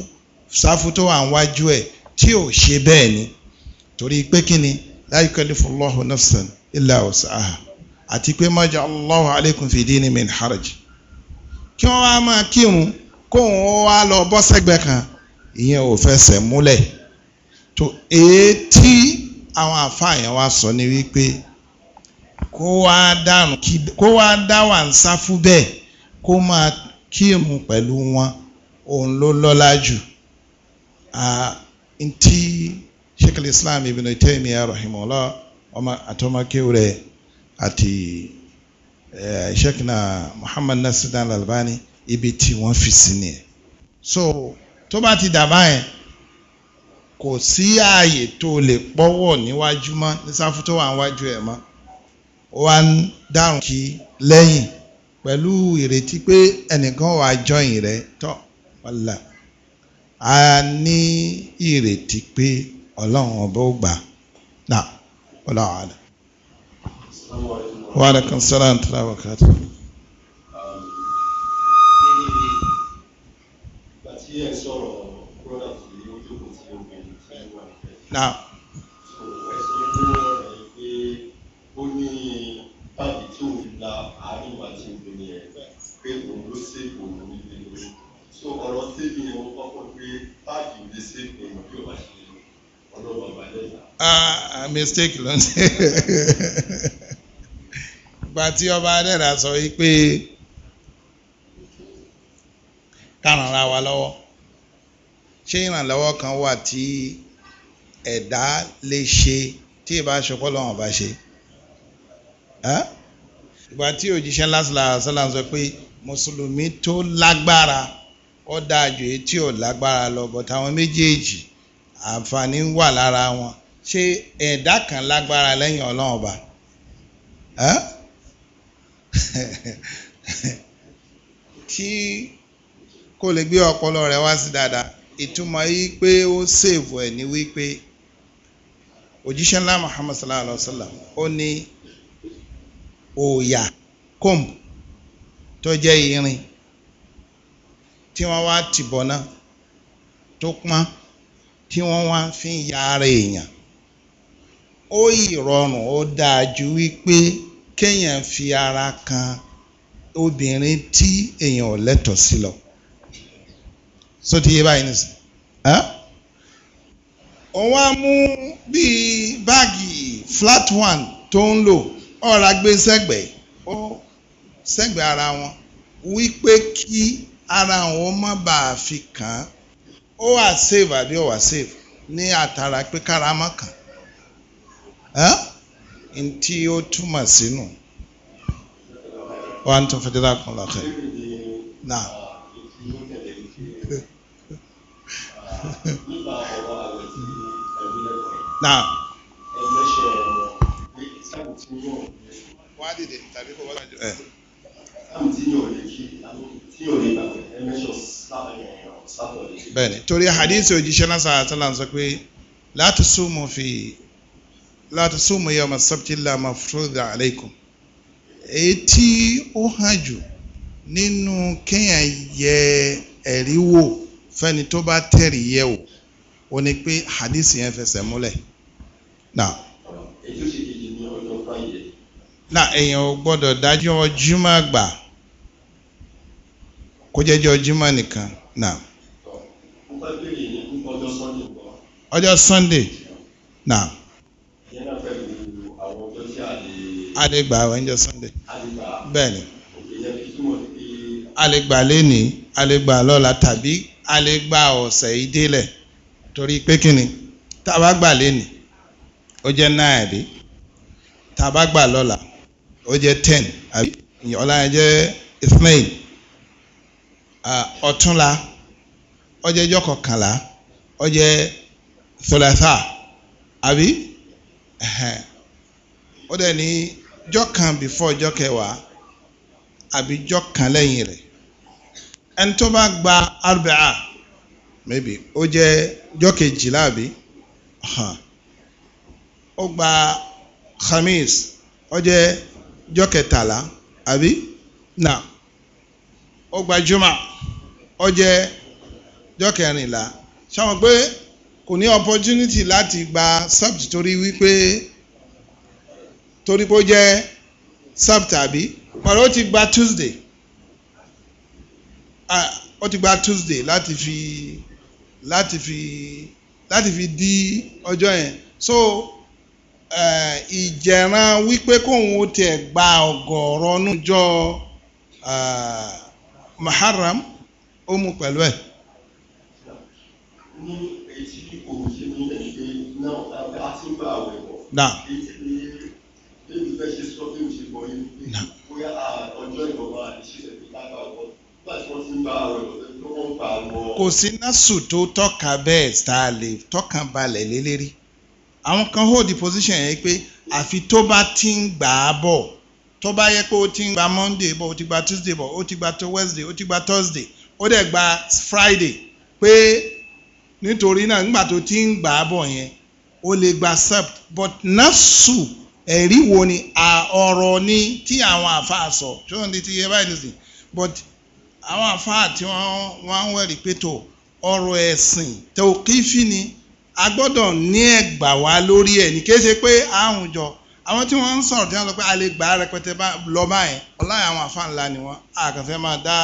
sáfù tó wà níwájú ẹ̀ tí ò ṣe bẹ́ẹ̀ ni torí pé kí ni la yukallifu Allahu nafsan illa wus'aha àti pé ma ja Allahu alaykum fi dini min haraj kí wọ́n wá máa kírun kóun ó wá lọ bọ́ sẹ́gbẹ́ kan ìyẹn ò fẹsẹ̀ múlẹ̀ tó ètí àwọn àfààyàn wa sọ ni wípé kó wá dá wà ń sáfù bẹ́ẹ̀ kó máa kírun pẹ̀lú wọn òun ló lọ́lá jù ntí sheikh islam ibn Taymiyyah rahimahullah ọmọ àtọmọkéw rẹ ati sheikh na Muhammad Nasir al-Albani ibi tí wọ́n fi sí so tó bá ti dàbá yẹn kò sí ààyè tó lè pọ́wọ́ níwájú mọ́ ní sáfù tó wà níwájú ẹ̀ mọ́ ó wá ń dárùn kí lẹ́yìn pẹ̀lú ìrètí pé ẹnìkan wàá jọyìn rẹ̀ tọ́ wàlá a ní ìrètí pé ọlọ́run ọba ó gbà náà ọlọ́run àdá. wa alaikum salaam tó dáwọ́ kàtó. Now. ah mistake ló ń ṣe ìgbà tí ọba adẹ́rà sọ wípé kárànra wa lọ́wọ́ ṣé ìrànlọ́wọ́ kan wà tí ẹ̀dá lè ṣe tí ìbá ṣọpọ́ lọ́wọ́n bá ṣe ìgbà tí òjíṣẹ́ lásìlá sọ́là sọ pé mùsùlùmí tó lágbára ó dáa ju èyí tí ò lágbára lọ bọ̀ táwọn méjèèjì àǹfààní wà lára wọn ṣé ẹ̀dá kan lágbára lẹ́yìn ọlọ́run ọba tí (laughs) kò lè gbé ọpọlọ rẹ wá sí dáadáa ìtumọ̀ yìí pé ó ṣèwọ̀ ẹ̀ ní wípé òjíṣẹ́ ńlá Muhammad sallallahu alayhi wa sallam ó ní òòyà comb tó jẹ́ irin tí wọ́n wá tìbọ̀ náà tó pọ́n tí wọ́n wá fi ń ya ara èèyàn ó ìrọ̀rùn ó dáa ju wípé kéèyàn fi ara kan obìnrin tí èèyàn ò lẹ́tọ̀ọ́ sí lọ so ti yé báyìí nìsín òun á mú bíi báàgì flat one tó ń lò ọ̀rá gbé sẹ́gbẹ̀ẹ́ ó sẹ́gbẹ̀ẹ́ ara wọn wípé kí ara òun má bàa fi kàn án ó wà save àbí ó wà save ní àtàrà pé kára má kàn án n tí ó túmọ̀ sínú wa ń tún fẹ́ dídá kan lọ́kẹ́ náà. náà. wọ́n á dìde tàbí kó wọ́n lájọ. bẹ́ẹ̀ni torí hadith òjíṣẹ́ náà sàtàlà ń sọ pé látùsùmù fi láti súnmù yẹ ọmọ sábtìlá mafúrúdà aleikum èyí tí ó hàn jù nínú kéèyàn yẹ ẹ̀rí wò fẹ́ni tó bá tẹ̀rí yẹ wò ó ní pé hadith yẹn fẹsẹ̀ múlẹ̀ náà. èyí sì kejì ní ọjọ́ fáyé. náà èèyàn ò gbọ́dọ̀ dájọ́ jimá gbà kó jẹ́jọ́ jimá nìkan náà. ọjọ́ sunday náà. àlegbà ẹ̀ńjọ sunday bẹ́ẹ̀ ni àlegbà lẹ́ni àlegbà lọ́la tàbí àlegbà ọ̀sẹ̀ ìdílẹ̀ torí pé kíni tàbá gbà lẹ́ni ó jẹ́ náírà dé lọ́la ó jẹ́ ten àbí ọ̀la jẹ́ ismail ọ̀túnla ó jẹ́ ọjọ́ kọkànlá ó jẹ́ sọlẹ́sà àbí ó dẹ̀ ní jọ́ kan before jọ́ kẹwàá àbí jọ́ kan lẹ́yìn rẹ̀ ẹni tó bá gba arbaa maybe ó jẹ́ jọ́ kejìlá àbí ó gba khamis ó jẹ́ jọ́ kẹtàlá àbí na ó gba juma ó jẹ́ jọ́ kẹrìnlá ṣáwọn pé kò ní opportunity láti gba sabt torí wípé torí pé ó jẹ́ sábtà àbí pàrọ̀ ó ti gba Tuesday ó ti gba Tuesday láti fi láti fi láti fi di ọjọ́ yẹn so eh, ìjẹ̀ran wípé kóun tiẹ̀ gba ọ̀gọ̀ọ̀rọ̀ nújọ́ Muharram ó mú pẹ̀lú ẹ̀. Ní èyí tí kò ṣe ní ẹgbẹ́ náà a bá àwẹ̀ bọ̀ bí mi fẹ́ ṣe sọ bí mo ṣe bọ̀ yín bóyá ọjọ́ kò sí násù tó tọ́ka bẹ́ẹ̀ tá a lè tọ́kan balẹ̀ lélẹ́rí àwọn kan hold the position yẹn pé àfi tó bá ti ń gbà á bọ̀ tó bá yẹ pé ó ti ń gba Monday bọ̀ ó ti gba Tuesday bọ̀ ó ti gba Wednesday ó ti gba Thursday ó dẹ̀ gba Friday pé nítorí náà nígbà tó ti ń gbà á bọ̀ yẹn ó lè gba sept but násù ẹ̀rí wo ni ọ̀rọ̀ ni tí àwọn àfáà sọ tí wọ́n ti ti yẹ báyìí nìsín but àwọn àfáà tí wọ́n wá wẹ̀rí pé tó ọ̀rọ̀ ẹ̀sìn tòkífì ni a gbọ́dọ̀ ní ẹ̀gbà wá lórí ẹ̀ ní kí ẹ ṣe pé àwùjọ àwọn tí wọ́n ń sọ̀rọ̀ tí wọ́n sọ pé a lè gbà á rẹpẹtẹ lọ báyẹn ọláyà àwọn àfáà ńlá ni wọ́n àkànfẹ́ máa dá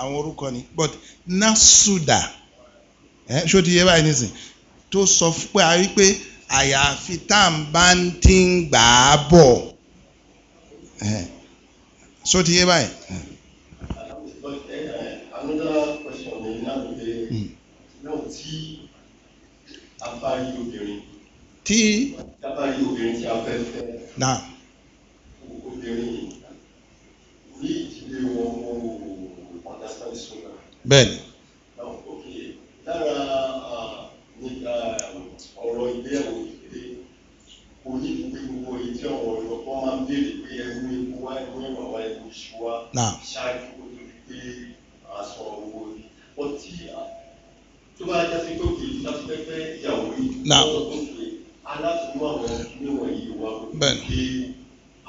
àwọn orúkọ ni but nasuda ẹ ṣó ti yẹ báyìí nìsín tó sọ pé a rí pé àyàfi tá à ń bá ń tí ń gbà á bọ̀ so ti yé báyìí. Hmm. tí a bẹ́ẹ̀ni. Uh, nípa um, ọ̀rọ̀ ìgbéyàwó ìpè kò ní ìwé gbogbo èyí tí ọ̀rọ̀ ọ̀rọ̀ máa ń béèrè pé ẹnu epo wá ẹnu ẹ̀wà wá ẹnu iṣu wá ṣáájú kó tó di pé àṣọ owó ni ọtí tó bá jẹ́ sí pé kò ní sáfẹ́fẹ́ ìyàwó yìí lọ́wọ́ tó pè aláṣùwọ̀n àwọn níwọ̀n yìí wá pé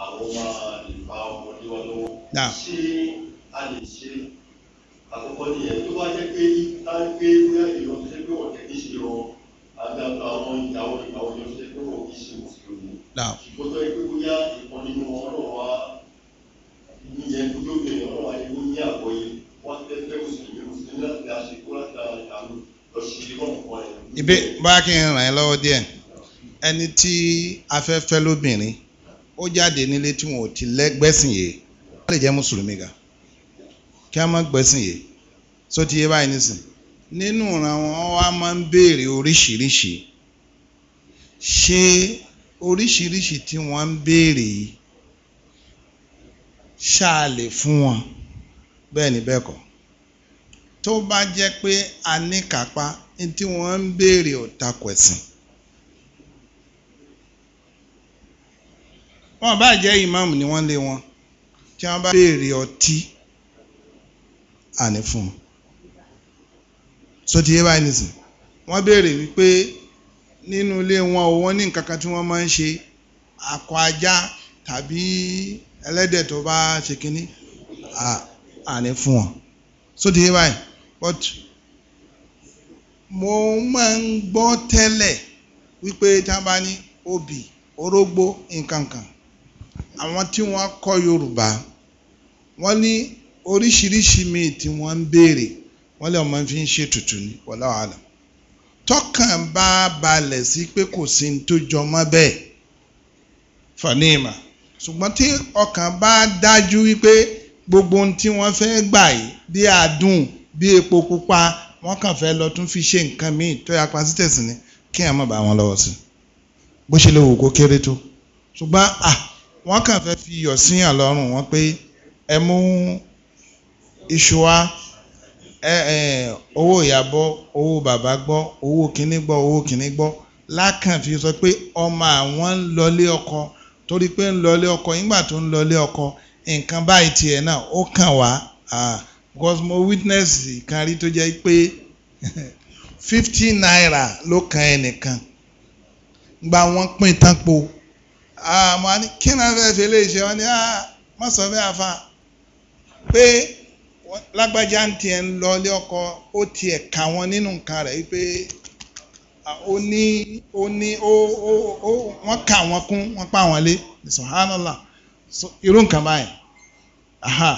àwọn máa lè bá ọmọdé wa lọ́wọ́ ṣé a lè ṣe é àkọ́kọ́ nìyẹn tó bá jẹ́ pé bá gbé bóyá ìran tó ṣe pé wọ́n tẹ̀ kí ṣe rọ àgbàgbà àwọn ìyàwó ìgbà òjò tó ṣe pé wọ́n kì í ṣe mùsùlùmí. ṣùgbọ́n tó yẹ pé bóyá ìkan nínú wọn náà wá ìyẹn tó tó bẹ̀rẹ̀ wọn wá ìwọ ní àgbọ̀yé wọ́n fẹ́ fẹ́ mùsùlùmí mùsùlùmí láti àṣekú láti àlù lọ sí ilé wọn kọ́ ẹ̀. ibi bá kí n ràn ẹ́ lọ́wọ́ díẹ̀ ẹni tí a fẹ́ fẹ́ lóbìnrin ó jáde nílé tí wọn ò ti lẹ́gbẹ́sìn yìí wọ́n lè jẹ́ mùsùlùmí gan-an kí a má gbẹ̀sìn yìí só ti yé báyìí nísìn nínú ìran wọn wá máa ń béèrè oríṣiríṣi ṣé oríṣiríṣi tí wọ́n ń béèrè yìí ṣáà lè fún wọn bẹ́ẹ̀ ni bẹ́ẹ̀ kọ́ tó bá jẹ́ pé a ní kápá ní tí wọ́n ń béèrè ọ̀takwẹ̀sìn wọn bá jẹ́ ìmáàmù ni wọ́n lé wọn tí wọ́n bá béèrè ọtí àní fún un so ti yé báyìí nìsín wọ́n béèrè wípé nínú ilé wọn o wọ́n ní nǹkan kan tí wọ́n máa ń ṣe akọ ajá tàbí ẹlẹ́dẹ̀ tó bá ṣe kínní àní fún wọn so ti yé báyìí but mo máa ń gbọ́ tẹ́lẹ̀ wípé tá a bá ní obì orógbó nǹkan kan àwọn tí wọ́n kọ́ Yorùbá wọ́n ní oríṣiríṣi míì tí wọ́n ń béèrè wọ́n lè máa fi ń ṣètùtù ní wọ́lá wàhálà tọkàn bá balẹ̀ sí pé kò sí ní tó jọ mọ́ bẹ́ẹ̀ fanima ṣùgbọ́n tí ọkàn bá dájú wípé gbogbo ohun tí wọ́n fẹ́ gbà yìí bí adùn bí epo pupa wọ́n kàn fẹ́ lọ tún fi ṣe nǹkan míì tó yà pa sí ni kí ẹ̀ má bá wọn lọ́wọ́ sí bó ṣe lè wò kó kéré tó ṣùgbọ́n à wọ́n kàn fẹ́ fi iyọ̀ síyàn lọ́rùn wọn pé ẹ mú iṣu wa owó ìyàbọ̀ owó bàbá gbọ́ owó kìíní gbọ́ owó kìíní gbọ́ lákàn fi sọ pé ọmọ àwọn ń lọlé ọkọ torí pé ń lọlé ọkọ nígbà tó ń lọlé ọkọ nǹkan báyìí tiẹ̀ náà ó kàn wá because mo witness kan rí tó jẹ́ pé (laughs) fifty naira ló kan ẹnìkan gba wọn pín tán po àmọ́ kí náà fẹ́ fi lè ṣe wọn ni má sọ bẹ́ẹ̀ àfa pé. lágbájá ń tiẹ̀ ń lọlé ọkọ ó tiẹ̀ kà wọ́n nínú nǹkan rẹ̀ wípé ó ní ó ní ó ó ó wọ́n kà wọ́n kún wọ́n pa wọ́n lé subhanallah irú nǹkan báyìí aha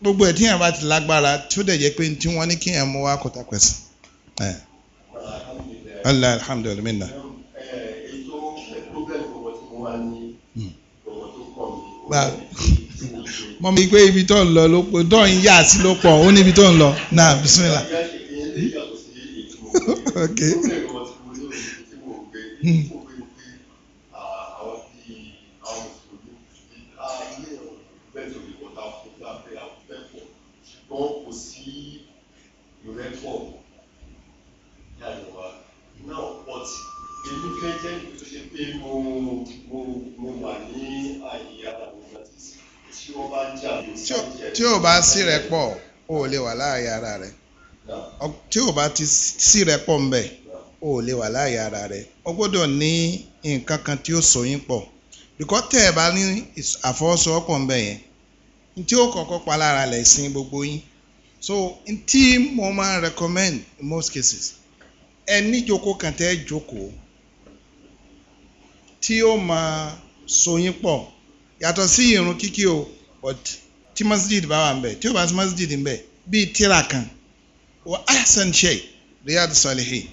gbogbo ẹ̀ tíyẹn bá ti lágbára tí ó dẹ̀ jẹ́ pé tí wọ́n ní kíyẹn mú wá kótó pẹ̀sì. Allah alhamdulilayi minna. Ètò ẹ̀kọ́ bẹ́ẹ̀ lọ́wọ́ tí mo wá ní hmm. ọ̀wọ́ tó kọ̀ mí mọ mi pé ibi tó ń lọ ló pọ̀ tó ń yà sí ló pọ̀ ó ní ibi tó ń lọ náà bisimilà. (laughs) okay. Hmm. sí rẹ pọ̀ o ò lè wà láàyè ara rẹ tí o bá ti sí rẹ pọ̀ ń bẹ̀ o ò lè wà láàyè ara rẹ o gbọ́dọ̀ ní nǹkan kan tí ó so yín pọ̀ bíkọ́ tẹ́ ẹ bá ní àfọwọ́sowọ́pọ̀ ń yẹn ní tí ó pa lára lẹ̀ sin gbogbo yín so n mo máa recommend in most cases ẹ ní jókòó kan tẹ́ jókòó tí ó máa so yín pọ̀ yàtọ̀ sí irun kíkí o but tí masjid bá wà ń bẹ tí ó bá sí masjid ń bẹ bíi tíra kan wa ahsan shay riyadu salihin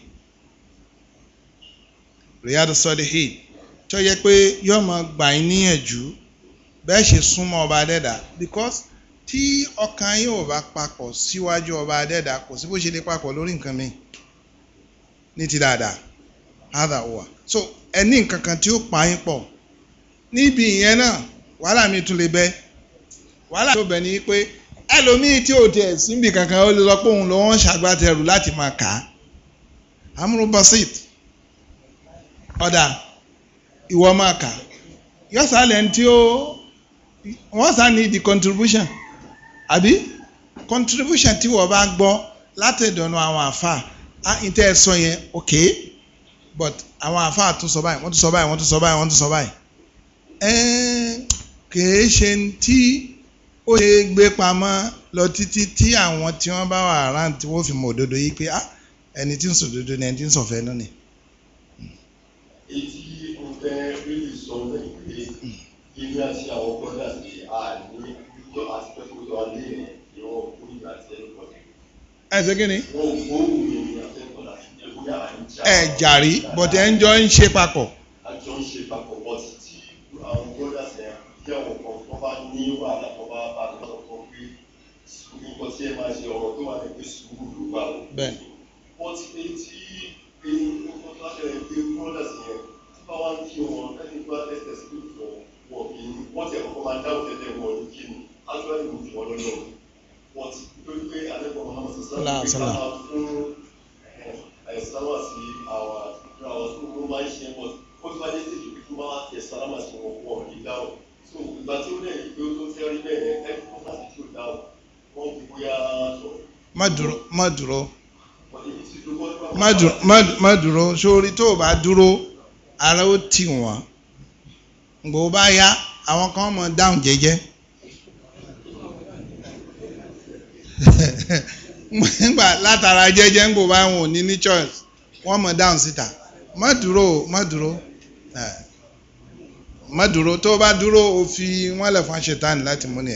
riyadu salihin tó yẹ pé yóò máa gbà yín níyànjú bẹ́ẹ̀ ṣe súnmọ́ ọba adẹ́dà because tí ọkàn yín ò bá papọ̀ síwájú ọba adẹ́dà kò sí bó ṣe lè papọ̀ lórí nǹkan mi ní ti dáadáa hádà wà so ẹni nǹkan kan tí ó pa yín pọ̀ níbi ìyẹn náà wàhálà mi tún lè bẹ́ẹ̀ wàhálà tó bẹ̀ ni pé ẹlòmíì tí ò tiẹ̀ síbi kankan ó lè sọ pé òun ló ń ṣàgbátẹrù láti máa kà á amúrú basit ọ̀dà ìwọ máa kà á yọ́sà lẹ́n tí ó wọ́n sá ní the contribution àbí contribution tí wọ́n bá gbọ́ látẹ̀dọ̀nà àwọn àfa ìtẹ́ ẹ sọ yẹn ok but àwọn àfa tún sọ báyìí wọ́n tún sọ báyìí wọ́n tún sọ báyìí wọ́n tún sọ báyìí ẹ̀ẹ́n kìí ṣe ti ó ṣe é gbé pamọ́ lọ títí tí àwọn tí wọ́n bá wà around tí wọ́n fi mọ̀ òdodo yìí pé ah ẹni tí ń sọ òdodo ni ẹni tí ń sọ̀fẹ́ náà ni. èyí mo fẹ́ sọ lẹ́yìn pé ilé àti àwọn bọ́dà ni a ní tó àti pé kó tó a lé rẹ̀ ni wọ́n kú ní àti ẹnu pọ̀ jù. ẹ ṣe kí ni. wọ́n kú ní àti ẹnu pọ̀ jù ẹ̀kúyà ń jà. ẹ jàrí bọ̀dẹ̀ ń jọ ń ṣe papọ̀. a ń ṣe papọ̀ bọ́sì jẹ́ ọ̀kan tó bá ní wàhálà tó bá bá a lọ́dọ̀ tó pé orúkọ tí ẹ máa ṣe ọ̀rọ̀ tó wà ní pé sùúrù ló wà o. wọ́n ti pé tí ẹni tó tó ṣẹlẹ̀ pé brothers yẹn tí bá wá ń kí wọn ẹni tó bá tẹ̀sẹ̀ sí ìfọ̀ wọn kì í wọ́n ti ẹ̀kọ́ máa dáhùn tẹ́lẹ̀ wọn ní kí ni actually mo fi wọn lọ́yọ̀ wọ́n ti pé pé ká eh, máa ń ṣe wọn so ìgbà tí ó dẹ̀ yí pé ó tó fẹ́ rí bẹ́ẹ̀ ẹ kó láti tó dá o wọ́n fi bóyá sọ. má dúró má dúró má dúró sórí tó o bá dúró ara ó tì wọ́n gbò bá yá àwọn kan mọ̀ dáhùn jẹ́jẹ́ nígbà (laughs) látara jẹ́jẹ́ ń bá wọn ò ní ní choice wọ́n mọ̀ dáhùn síta má dúró má dúró. Uh má dúró tó bá dúró o fi wọ́n lẹ̀ fún aṣetán láti mú ni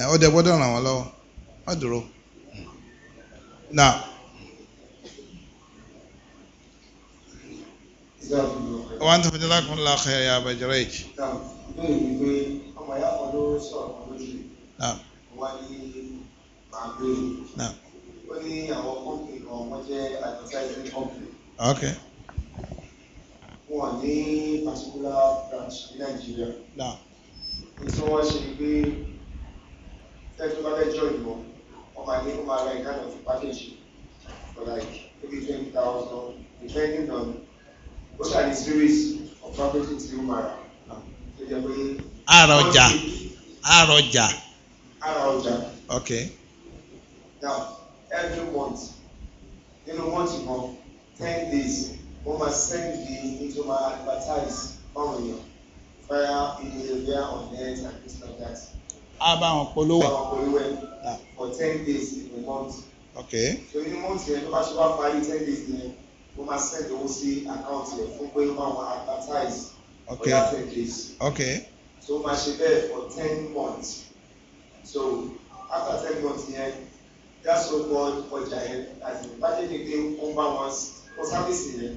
ẹ̀ ọdẹ gbọ́dọ̀ ràn wọ́n lọ́wọ́ má dúró. Now. wọ́n ti fi lákùn láàkẹ́ ya bàjẹ́rẹ́ yìí. Okay wọ́n ní particular branch ní Nàìjíríà tí wọ́n ṣe pé tẹ́tọ́ bá fẹ́ jọ ìwọ̀n wọ́n máa ní kó máa ra kind of package for like maybe twenty thousand depending on what ó ṣàní series of property tí ó máa rà tó jẹ́ pé. àròjà àròjà. àròjà. okay. now every month nínú mọ́ọ̀tì kan ten days wọ́n máa sẹ́ǹdì níjọ máa advertise fáwọn èèyàn fire in the area of net and things like that. a bá wọn polówó. a bá wọn polówó ẹ ah. for ten days in a month. okay. so inú mọ́ọ̀tì yẹn tó bá ṣe bá parí ten days yẹn wọ́n máa send owó sí account yẹn fún pé wọ́n máa advertise for that ten days. okay. so wọ́n máa ṣe bẹ́ẹ̀ for ten months. so after ten months yẹn that so called ọjà yẹn as in bá jẹ́ kékeré ó ń bá wọn for service yẹn.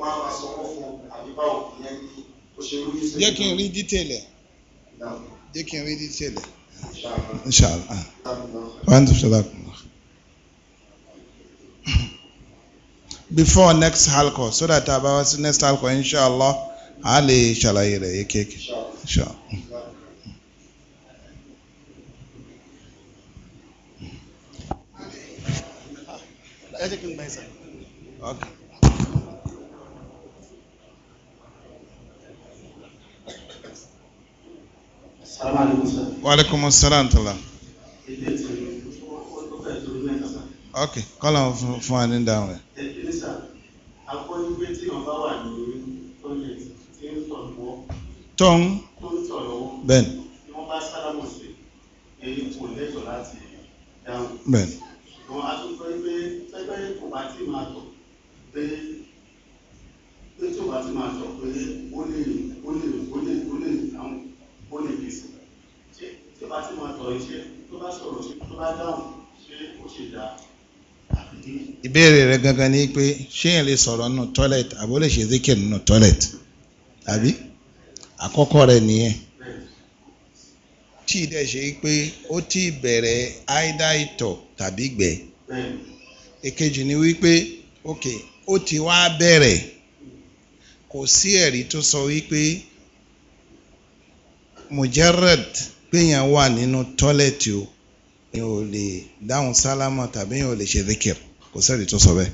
wọ́n máa ma sanwó fún àbí báwo ìyẹn ní ó ṣe rú ìṣẹ̀lẹ̀. jẹ́ kí n rí dítẹ̀lẹ̀ jẹ́ kí n rí dítẹ̀lẹ̀ inṣàlá wàhálà ṣọlá before next halkọ so that a bá wá sí next halkọ inṣàlá a lè ṣàlàyé rẹ̀ Inshallah. Okay. waaleykum salaam tala. ok kọ́lá fún wa ní dáhùn rẹ̀. tọ́n bẹ́ẹ̀ni. bẹ́ẹ̀ni. Thank you ó lè fi sùn ṣé tí bá ti máa tọ̀ iṣẹ́ tó bá sọ̀rọ̀ ṣe tó bá dáhùn ṣé ó ṣe dáa ìbéèrè rẹ gangan ni pé ṣé èèyàn lè sọ̀rọ̀ nínú toilet àbí ó lè ṣe zikir nínú toilet àbí àkọ́kọ́ rẹ nìyẹn tí ì dẹ̀ ṣe pé ó ti bẹ̀rẹ̀ áídá ìtọ̀ tàbí gbẹ̀ èkejì ni wípé ok ó ti wá bẹ̀rẹ̀ kò sí ẹ̀rí tó sọ wípé mujarrad gbẹ̀yàn wà nínú tọ́lẹ̀tì o èèyàn ò lè dáhùn sálámà tàbí èèyàn ò lè ṣe díkìr kò sẹ́ẹ̀dì tó sọ bẹ́ẹ̀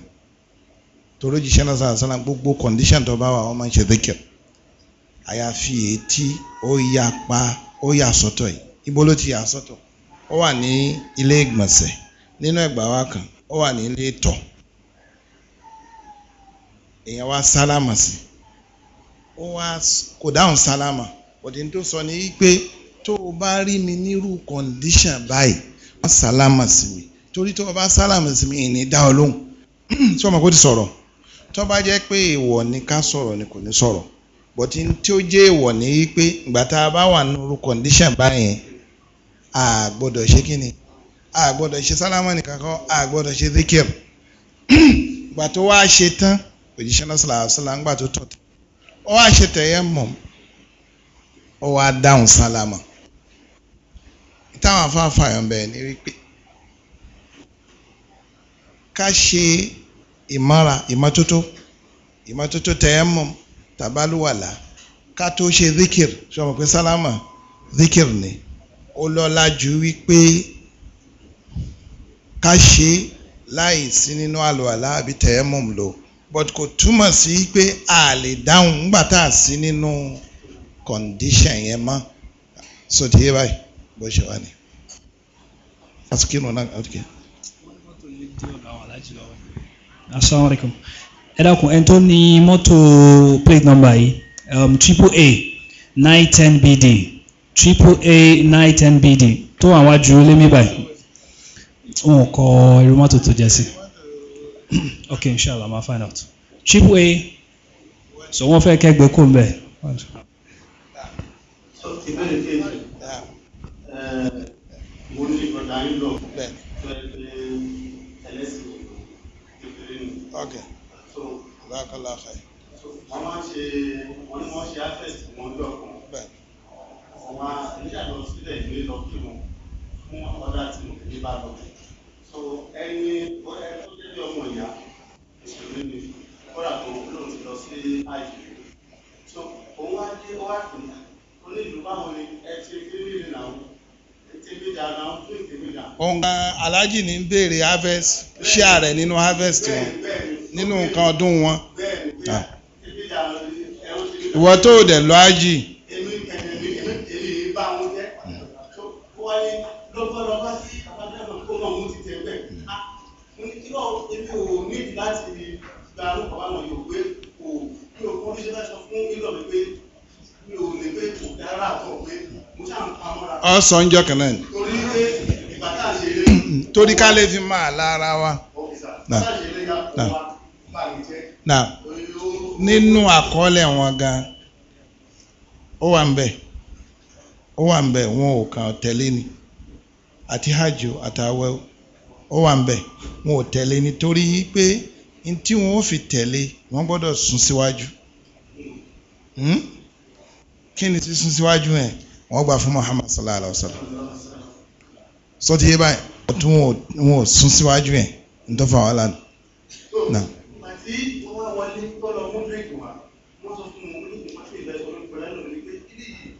torí jíṣẹ́ náà sáà sáà gbogbo kọ̀ǹdíṣàn tó bá wà wọ́n máa ń ṣe díkìr àyàfi etí ó yà pa ó yà sọ́tọ̀ yìí ibo ló ti yà sọ́tọ̀ ó wà ní ilé ìgbọ̀nsẹ̀ nínú ẹ̀gbà wa kan ó wà ní ilé ìtọ̀ èèyàn wá sálámà sí ó wá kò dáhùn sálámà bọ̀dé tó sọ ni wípé tó o bá rí mi nírú kọ̀ǹdíṣàn báyìí má sálámà sí mi torí tó o bá sálámà sí mi ìní dá ọ lóhùn tí ọmọ kò ti sọ̀rọ̀ tó bá jẹ́ pé èèwọ̀ ni ká sọ̀rọ̀ ni kò ní sọ̀rọ̀ bọ̀dé tí ó jẹ́ èèwọ̀ ni wípé ìgbà tá a bá wà nírú kọ̀ǹdíṣàn báyìí a gbọ́dọ̀ ṣe kí ni a gbọ́dọ̀ ṣe sálámà nìkan kan a gbọ́dọ̀ ṣe zikir (clears throat) ìgbà tó wá ṣe tán òjíṣẹ́ náà sàlàsàlà ńgbà tó tọ̀ ó wá ṣe tẹ̀yẹ́ mọ̀ ó wá dáhùn sálámà táwọn afáfà yọ̀ bẹ́ẹ̀ ni wípé ká ṣe ìmọ́ra ìmọ́tótó ìmọ́tótó tẹ̀yẹ́mọ̀ tàbálùwàlà ká tó ṣe zikir sọmọ pé sálámà zikir ni ó lọ́lá ju wípé ká ṣe láì sí nínú àlùwàlà àbí tẹ̀yẹ́mọ̀ lò but kò túmọ̀ sí pé a lè dáhùn nígbà tá a sí nínú. No condition yẹn mọ́ so ti yé báyìí bó ṣe wà ní. asikirun náà ok. asalaamualeykum ẹ dákun ẹni tó ní mọ́tò plate number yìí um, triple a nine ten bd triple a nine ten bd tó wà wájú lémi báyìí wọn kọ irú mọ́tò tó jẹ́ sí (clears throat) ok inshallah ma find out triple a so wọ́n fẹ́ kẹ́gbẹ́ kó ń bẹ̀ ìbéèrè kejì eh, mo ní ìgbọ̀dá yín lọ ẹlẹ́sìn kékeré ni. ok bákan láàfẹ́. wọ́n máa ń ṣe wọ́n ní wọ́n ṣe access òun gan aláàjì ní béèrè harvest share rẹ̀ nínú harvest wọn nínú nǹkan ọdún wọn. ìwọ tó o dẹ̀ lọ ájì. ọsàn jọ kan náà torí ká lè fi máa lára wa. nínú àkọọ́lẹ̀ wọn gan ó wà ń bẹ̀ ó wà ń bẹ̀ wọn ò kàn tẹ̀lé ni àti hajj àtàwẹ̀ ó wà ń bẹ̀ wọn ò tẹ̀lé ni torí pé n tí wọn ò fi tẹ̀lé wọn gbọ́dọ̀ sún síwájú hmm? kí ni sísun síwájú yẹn wọ́n gbà fún Muhammad sallallahu alaihi wa sallam sọ́tí yé báyìí. tí wọn ò sún síwájú ẹ̀ ń tọ́ fà wá lánàá. náà. àti wọn wá wọlé tọ́lọ̀ mú dírẹ́kì wá wọ́n sọ fún wọn oníkùn tó ń ṣe yìí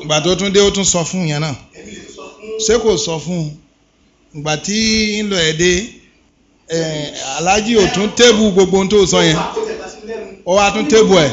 ìgbà tó tún dé ó tún sọ fún yẹn náà ṣé kò sọ fún un ìgbà tí ń lọ ẹ̀ dé aláàjì ò tún tébù gbogbo ohun tó sọ yẹn ó wá tún tébù ẹ̀.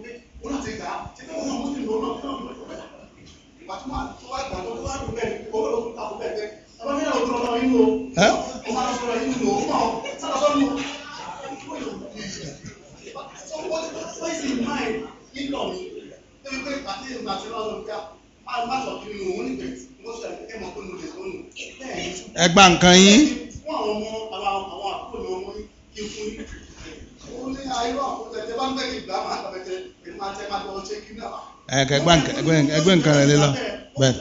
gba nǹkan yín. ẹ̀kẹ́ gbá nǹkan rẹ̀ lé lọ bẹ́ẹ̀.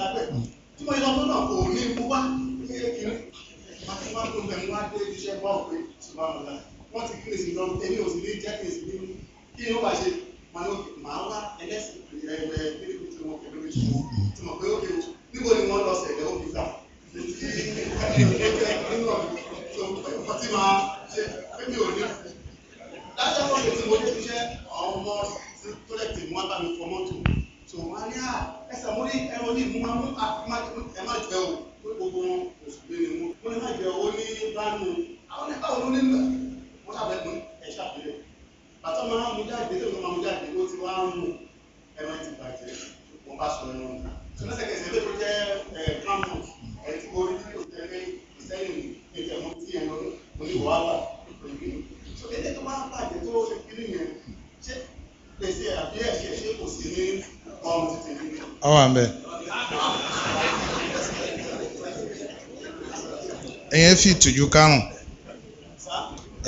fìtìjú kárùn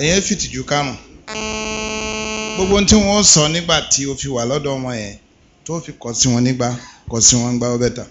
ẹ̀yẹn fìtìjú kárùn gbogbo tí wọ́n sọ nígbà tí o fi wà lọ́dọ̀ wọn yẹn tó fi kọ̀ sí wọn nígbà kọ̀ sí wọn gbá ọbẹ̀ ta.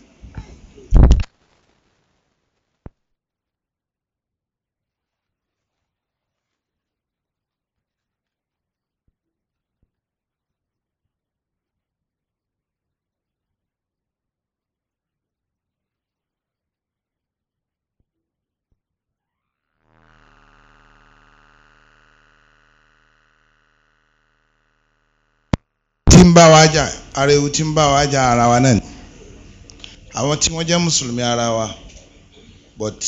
ń bá wa jà ara ewu tí ń bá wa jà ara wa náà ni àwọn tí wọ́n jẹ́ mùsùlùmí ara wa but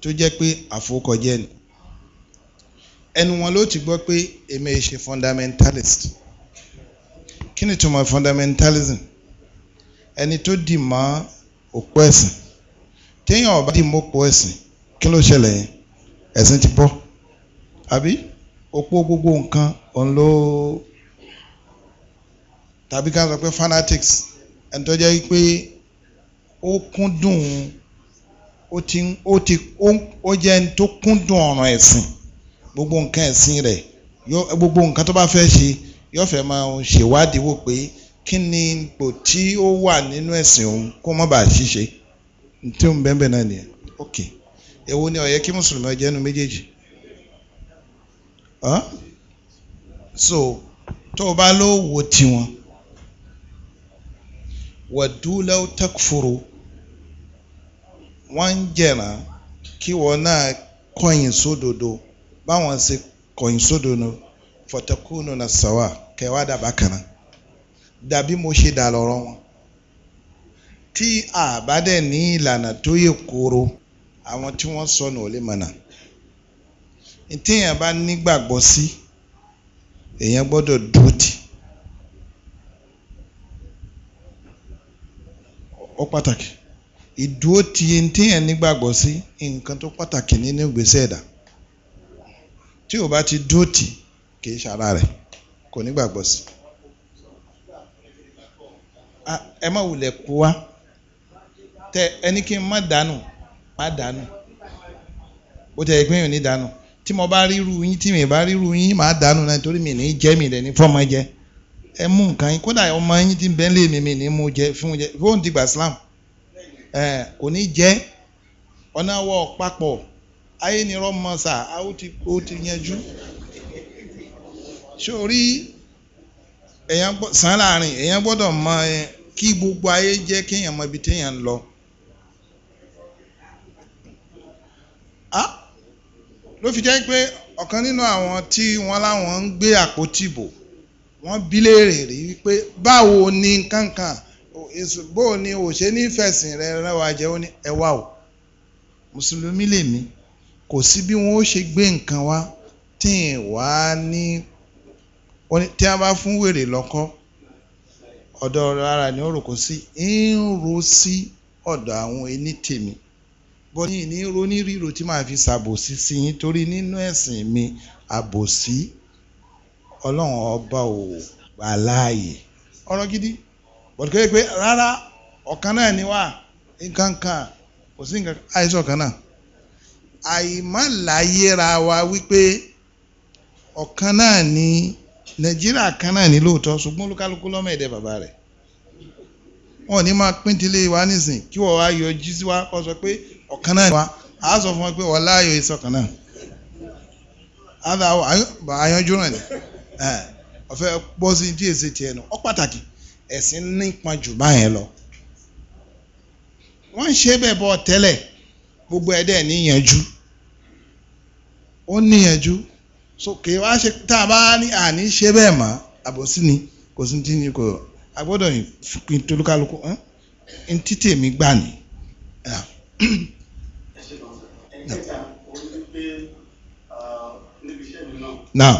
tó jẹ́ pé àfọkọjẹ́ ni ẹnu wọn ló ti gbọ́ pé èmi ẹ̀ ṣe fundamentalist kí ni túmọ̀ fundamentalism ẹni tó dì mọ́ òpó ẹ̀sìn téèyàn ò bá dì mọ́ òpó ẹ̀sìn kí ló ṣẹlẹ̀ yẹn ẹ̀sìn ti bọ́ àbí òpó gbogbo nǹkan òun ló tàbí ká sọ pé fanatics ẹni tó jẹ́ pé ó kúndùn ó ti ó ti ó jẹ́ ẹni tó kúndùn ọ̀ràn ẹ̀sìn gbogbo nǹkan ẹ̀sìn rẹ̀ gbogbo nǹkan tó bá fẹ́ ṣe yóò fẹ́ máa ṣèwádìí wò pé kí ni ipò tí ó wà nínú ẹ̀sìn òun kó má bàa ṣíṣe tí òun bẹ́ẹ̀ bẹ́ẹ̀ náà nìyẹn ok èwo ni ó kí mùsùlùmí ọjọ́ ẹnu méjèèjì so tó o bá lọ tiwọn wàdúlẹ̀ tẹ́kfòrò wọ́n ń jẹ̀ràn kí wọ́n náà kọ̀yìn sódodo báwọn ṣe kọ̀yìn sódodo fọ̀tẹ́kùnù na sàwà kẹwàá dàbà kànáà dàbí mo ṣe dà lọ́rọ́ wọn tí àbádẹ́ ní ìlànà tó yẹ kóró àwọn tí wọ́n sọnù ò lè mọ̀nà tíyẹn bá nígbàgbọ́ sí èèyàn gbọ́dọ̀ dúró tì í. ọ pàtàkì ìdúró ti nígbàgbọ́ sí nǹkan tó pàtàkì nínú ìgbésẹ̀ ẹ̀dá tí o bá ti dúró kì í ṣara kò nígbàgbọ́ sí ẹ má wulẹ̀ kú tẹ ẹni kí n má dànù má dànù tẹ yìí ní dànù tí mo bá yín tí mi bá yín má dànù náà ẹ mú nǹkan yín kódà ọmọ yín ti bẹ́ẹ̀ lé mi mi ní mú jẹ fún jẹ fóun ti gbà Islam kò ní jẹ ọ̀nà àwọ̀ papọ̀ ayé ni rọ́mọ sà á ó ti ó ti yanjú sórí èèyàn sàn láàrin èèyàn gbọ́dọ̀ mọ ẹ kí gbogbo ayé jẹ́ kéèyàn mọ ibi téèyàn ń lọ. ló fi jẹ́ pé ọ̀kan nínú àwọn tí wọ́n láwọn ń gbé àpótí bò wọ́n bi léèrè rí wípé báwo ni kankan bó ni ò ṣe ní fẹ̀sìn rẹ rẹwà jẹ́ ó ní ẹwà o mùsùlùmí lèmi kò sí bí wọn ó ṣe gbé nǹkan wá tí ì wá ní tí a bá fún wèrè lọ́kọ́ ọ̀dọ̀ ara ni ó rò kó sí ń ro sí ọ̀dọ̀ àwọn ẹni tèmi bọ́ni ní roníriro tí màá fi ṣàbòsí sí yín torí nínú ẹ̀sìn mi àbòsí ọlọ́run ọba ò gbà láàyè gidi bọ̀dùkẹ́ yìí pé rárá ọ̀kan náà ni wà nǹkan kan kò sí nǹkan àìsàn náà wa wípé ọ̀kan náà ni nàìjíríà kan náà ní lóòótọ́ ṣùgbọ́n olúkálukú lọ́mọ bàbá rẹ̀ wọn ò ní máa pín tilé wa nísìn kí wọ́n wá yọjú sí wa sọ pé ọ̀kan náà ni wa sọ fún pé wọ́n láàyò náà àyànjú ni. ọ̀fẹ́ bọ́ sí bí èsì tiẹ̀ nù ọ́ pàtàkì ẹ̀sìn nípa jù báyẹn lọ. wọ́n ń ṣe bẹ́ẹ̀ bọ́ tẹ́lẹ̀ gbogbo ẹ̀ níyànjú ó níyànjú so kì í wá ṣe tá a bá ní àní ṣe bẹ́ẹ̀ mọ́ àbòsí ni kò sí ti ní kò a gbọ́dọ̀ pin tolúkálukú ń títì mi gbà ní. Now.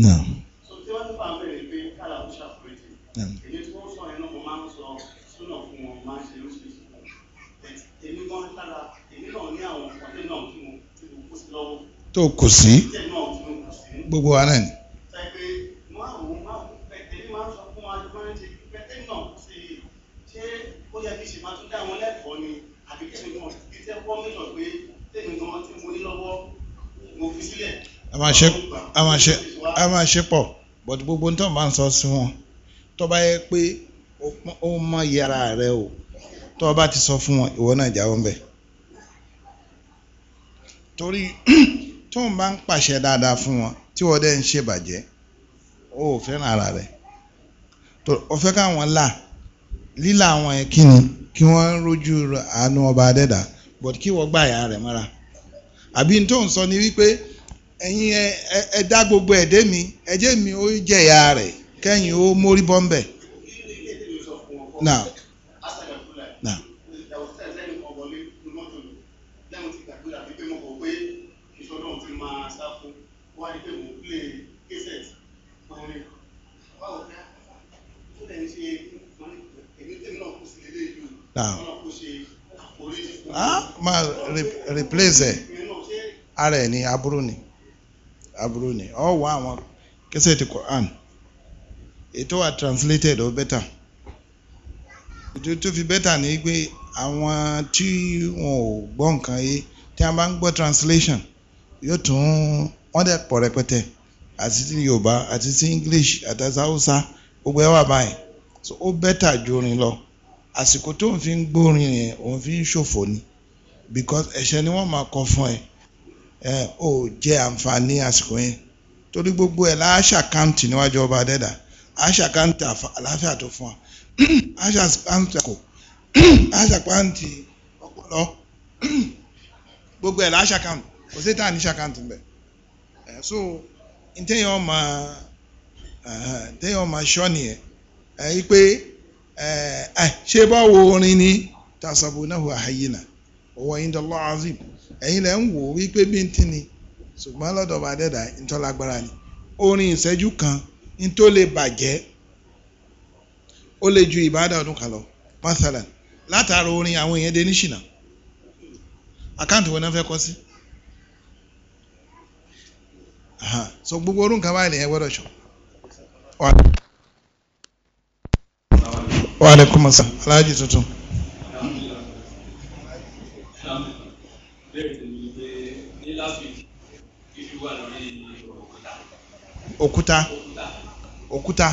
so tí wọ́n ti fà ń pé kálá kó ṣàforíjì èyí tí wọ́n sọ yẹn náà mo máa ń sọ súnà fún wọn máa ń ṣe lóṣìṣì fún wọn èmi gan kára èmi náà ní àwọn ọ̀dẹ́ náà tí mo kó sí lọ́wọ́ tó kù sí gbogbo wa náà ni. a máa ṣe a máa ṣe a máa ṣe pọ̀ bọ̀dù gbogbo ní tó ń sọ sí wọn tó yẹ pé ó mọ yàrá rẹ o tó bá ti sọ fún wọn ìwọ náà jáwọ́ ń bẹ̀. torí tó (clears throat) ń bá ń pàṣẹ dáadáa fún wọn tí wọ́n dẹ́ ń ṣèbàjẹ́ ó fẹ́ràn ara rẹ̀ ó fẹ́ káwọn là lílà àwọn ẹ̀ kí ni kí wọ́n rójú àánú ọba adẹ́dà bọ̀dù kí wọ́n gbà yàrá rẹ̀ mọ́ra àbí tó ń sọ ni wípé. ẹ̀yin ẹ dá gbogbo ẹ̀dẹ́ mi ẹ̀jẹ̀ mi ó jẹ̀yà rẹ̀ kẹ́yìn ó mórí now now. now ah ma replace ẹ ara ẹ aburú ni. aburú ni ọ wọ àwọn kẹsẹ̀ ti Quran ètò wa translated ó bẹ́tà ètò tó fi bẹ́tà ni pé àwọn tí wọn ò gbọ́ nǹkan yé tí wọn bá ń gbọ́ translation yóò tún wọ́n dẹ̀ pọ̀ rẹpẹtẹ àti ti Yorùbá àti ti English àti ti Hausa gbogbo ẹ̀ e wà báyìí so ó bẹ́tà ju orin lọ àsìkò tó ń fi ń gbórin yẹn òun fi ń ṣòfò ni because ẹ̀ṣẹ̀ ni wọ́n máa kọ fún ẹ ò jẹ àǹfààní àsìkò yẹn torí gbogbo ẹ̀ láṣàkáǹtì níwájú ọba adẹ́dà àṣàkáǹtì àlàáfíà tó fún wa àṣàkáǹtì àkò àṣàkáǹtì ọpọlọ gbogbo ẹ̀ láṣàkáǹtì kò sí táà ní ṣàkáǹtì mbẹ ẹ so ntẹ́yìn ọmọ ntẹ́yìn ọmọ aṣọ nìyẹn ẹ yí pé ṣé báwo orin ni tasabbunahu hayyina wa inda Allah azim ẹ̀yin lẹ́ ń wò ó wípé bí n ti ni ṣùgbọ́n lọ́dọ̀ bá dẹ́dà ntọ́lágbára ni orin ìṣẹ́jú kan ntó lè bàjẹ́ ó lè ju ìbáàdà ọdún kan lọ masalan látara orin àwọn èèyàn dé níṣìnà àkáǹtì wọn náà fẹ́ kọ́ sí so gbogbo orun kan báyìí lè yẹn gbọ́dọ̀ ṣọ. wa alaikum assalam aláàjì tuntun. òkúta òkúta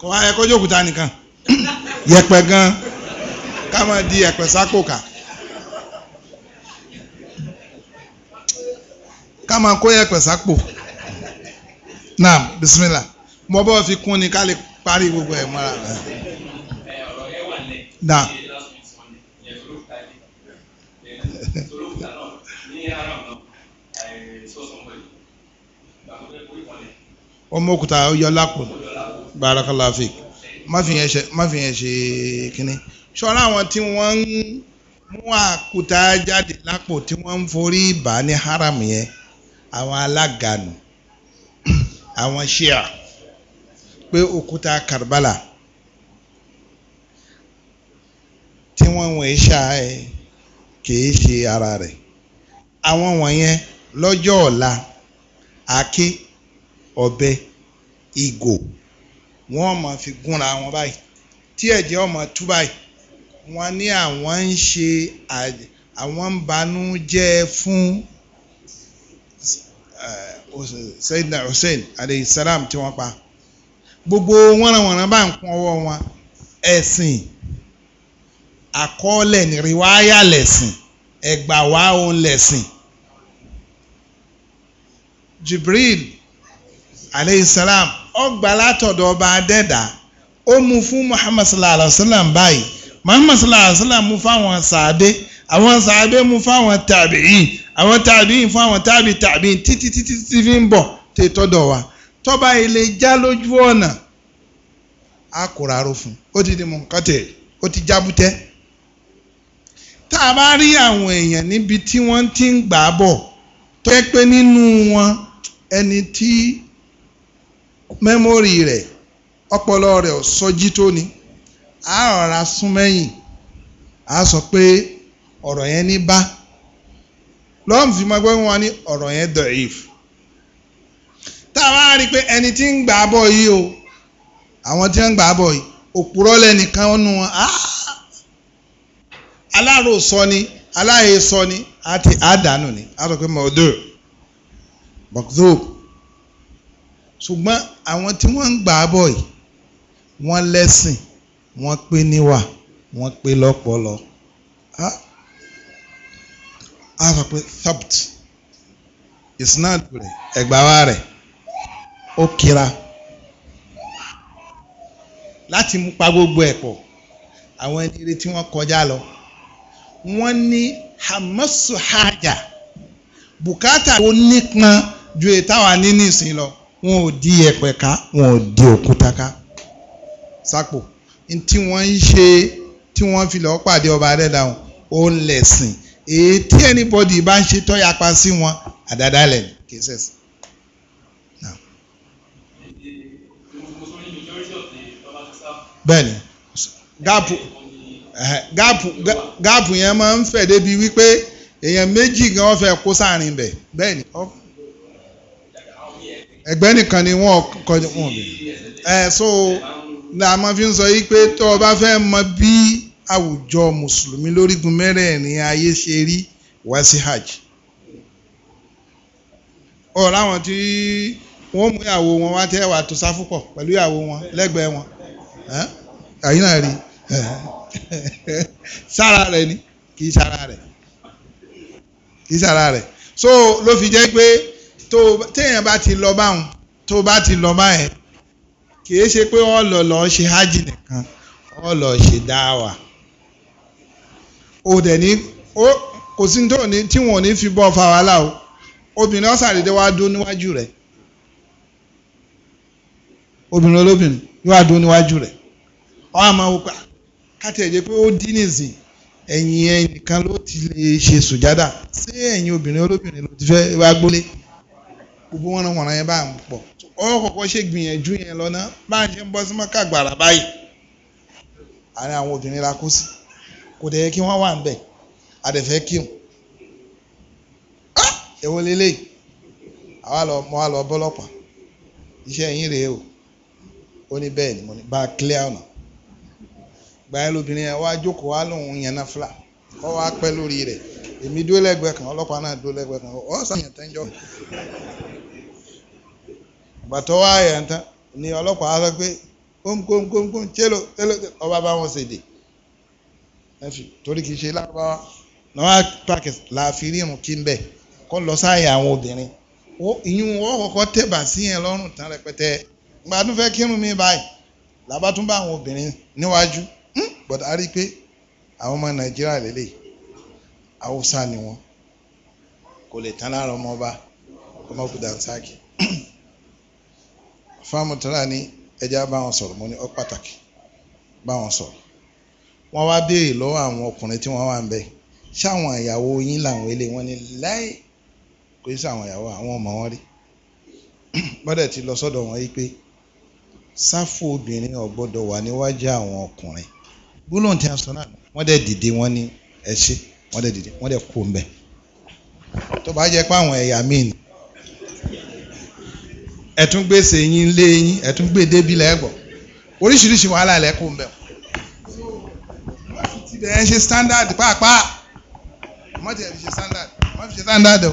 kò wá yẹ kójú òkúta nìkan yẹ̀pẹ̀ gan ká máa di yẹ̀pẹ̀ sápò ká ká máa kó yẹ̀pẹ̀ sápò naam bisimilah mo bá fi kún ni ká lè parí gbogbo ẹ̀ mọ́ra rẹ̀. Nà. ọmọ òkúta ọyọ lápò barakalafik má fi yẹn ṣe má fi yẹn ṣe kínní ṣọ́ra àwọn tí wọ́n ń mú àkúta jáde lápò tí wọ́n ń forí ìbá ní haram yẹn àwọn alágànù àwọn ṣíà pé òkúta Karbala tí wọ́n wọ̀nyí ṣáà ẹ̀ kìí ṣe ara rẹ̀ àwọn wọ̀nyẹn lọ́jọ́ ọ̀la àáké ọ̀bẹ ìgò wọ́n máa fi gúnra wọn báyìí tí ẹ̀jẹ̀ ọmọ tú báyìí wọ́n ní àwọn ń ṣe àwọn ń banú jẹ́ fún Sayyidina Hussein aleyhisselam tí wọ́n pa gbogbo wọ́nranwọ̀nran bá ń kún ọwọ́ wọn ẹ̀sìn àkọọ́lẹ̀ ní riwáyà lẹ̀sìn ẹ̀gbà wá òun lẹ̀sìn. Jibril aleyhisselam ọgbà látọ̀dọ̀ ọba adẹ́dà ó mú fún Muhammad sallallahu alayhi wa sallam báyìí Muhammad sallallahu alayhi wa sallam mú fáwọn sàádé àwọn sàádé mú fáwọn tàbíyìn àwọn tàbíyìn fún àwọn tàbí tàbíyìn títí títí fi ń bọ̀ tètọ́dọ̀ wa tọ́ba ilé já lójú ọ̀nà á kóra aró fún ó ti di mọ̀ nǹkan tẹ̀ ó ti jábútẹ́ tá a bá rí àwọn èèyàn níbi tí wọ́n ti ń gbà bọ̀ tó yẹ pé nínú wọn ẹni tí mẹ́mórì rẹ̀ ọpọlọ rẹ̀ ò sọjí tó ni a rọra sún mẹ́yìn a sọ pé ọ̀rọ̀ yẹn ní bá lọ́n fi máa gbọ́ wọn ọ̀rọ̀ yẹn dọ̀ if tá a máa rí i pé ẹni tí ń gbà á bọ̀ yìí o àwọn tí ń gbà á bọ̀ yìí òpùrọ́ lẹ́nìkan nu wọn ah! aláró sọ ni aláyè sọ ni àti àdánù ni a sọ pé mọ̀ọ́dọ̀ bọ̀kúzọ́ọ̀bù ṣùgbọ́n àwọn tí wọ́n ń gbà á bọ̀ yìí wọ́n lẹ́sìn wọ́n pé níwà wọ́n pé lọ́pọlọ ah! a sọ pé thabt ìsúná rẹ̀ ẹ̀gbá wa rẹ̀ ó kira láti mú pa gbogbo ẹ̀ pọ̀ àwọn ẹni ire tí wọ́n kọjá lọ wọ́n ní hamasu haja Bukata ó nípọn ju ètàwà nínú ìsìn lọ wọn ò di ẹ̀pẹ̀ ká wọn ò di òkúta ká sápò tí wọ́n ń ṣe tí wọ́n fi lọ́ọ́ pàdé ọba adẹ́dàhùn ó ń lẹ̀sìn èyí tí anybody bá ń ṣe tọ́yapa sí wọn àdádálẹ̀ kìí sẹ̀sìn. bẹ́ẹ̀ni gáàpù gáàpù gáàpù yẹn máa ń fẹ̀ débi wípé èèyàn méjì gan wọ́n fẹ́ kó sáàrin bẹ̀ bẹ́ẹ̀ni ẹgbẹ́ nìkan ni wọ́n kọjú wọn bẹ̀ ẹ so la máa fi ń sọ yí pé tó o bá fẹ́ mọ bí àwùjọ mùsùlùmí lórígun mẹ́rẹ̀ẹ̀rin ayé ṣe rí wá sí hajj ọ̀rọ̀ àwọn tí wọ́n mú ìyàwó wọn wá tẹ́ wà tó sáfù pọ̀ pẹ̀lú ìyàwó wọn lẹ́gbẹ̀ẹ́ wọn àyín náà rí (laughs) sára rẹ̀ ni kì í sára rẹ̀ kì í sára rẹ̀ so ló fi jẹ́ pé tó téèyàn bá ti lọ báwọn tó bá ti lọ báyẹn kì í ṣe pé ó lọ lọ ṣe hajj nìkan ó lọ ṣe dáwà o dẹ̀ ní o kò sí tó ní tí wọn ò ní fi bọ́ fa wàhálà o obìnrin ọ̀sàdédé wá dó níwájú rẹ̀ obìnrin olóbìnrin yóò wá níwájú rẹ̀ ọ àmọ́ wò pé káti ẹ̀jẹ̀ pé ó dín nìsín ẹ̀yìn ẹ̀ nìkan ló ti lè ṣe sùjádà ṣé ẹ̀yìn obìnrin olóbìnrin ló ti fẹ́ wá gbólé gbogbo wọn wọ̀nà yẹn bá ń pọ̀ ọ ṣe gbìyànjú yẹn lọ́nà bá ń ṣe ń bọ́ sí mọ́ká gbàrà báyìí àárín àwọn obìnrin la kó sí kò dẹ̀ yẹ kí wọ́n wà ń bẹ̀ àdẹ̀fẹ́ kí wọn. èwo leléyìí àwa lọ mọ́ wa bọ́lọ́pàá iṣẹ́ yín rèé o ó ní bẹ́ẹ̀ ni mo ní bá a clear ọ̀nà gba ẹ lóbìnrin yẹn wá jókòó wá lóun yẹn náà fúlà kọ́ wá pẹ́ lórí rẹ̀ èmi dúró lẹ́gbẹ̀ẹ́ kan ọlọ́pàá náà dúró lẹ́gbẹ̀ẹ́ kan ọ̀ sàyẹn jọ. bàtọ́ wá tán ni ọlọ́pàá sọ pé kónkónkónkón tẹ́lọ tẹ́lọ ọba bá wọn ṣèdè torí kì í ṣe lárúbáwá pàkì láàfin kí bẹ̀ kọ́ lọ àwọn obìnrin ìyún kọ́kọ́ sí yẹn lọ́rùn tán rẹpẹtẹ gbadun fẹ́ kírun mi báyìí àwọn obìnrin níwájú but a rí i pé àwọn ọmọ nàìjíríà lélẹ̀ haúsá ni wọn kò lè tán lára ọmọ ọba ọmọ kùdànsáàkì fáwọn tọ́lá ni ẹja bá wọn sọ̀rọ̀ mo ní ọ pàtàkì bá wọn sọ̀rọ̀ wọ́n wá béèrè lọ́wọ́ àwọn ọkùnrin tí wọ́n wà ń bẹ̀ ṣáwọn ìyàwó yín làwọn ilé wọn ni láì kò sí àwọn ìyàwó àwọn ọmọ wọn rí gbọ́dọ̀ (clears throat) ti lọ sọ́dọ̀ wọn yìí pé sáfù obìnrin ò wà níwájú àwọn ọkùnrin gbólóhùn tí a sọ náà wọ́n dẹ̀ dìde wọ́n ní ẹ ṣe wọ́n dìde wọ́n dẹ̀ kó ń bẹ̀ tó bá jẹ́ pé àwọn ẹ̀yà míì ni ẹ̀tún gbèsè yín lé yín ẹ̀tún gbé débi lẹ́gbọ̀ oríṣiríṣi wàhálà lẹ́kọ̀ ń bẹ̀ wọ́n ti bẹ̀ ẹ́ ṣe standard pàápàá wọ́n ti ẹ̀ fi ṣe standard wọ́n fi ṣe standard o.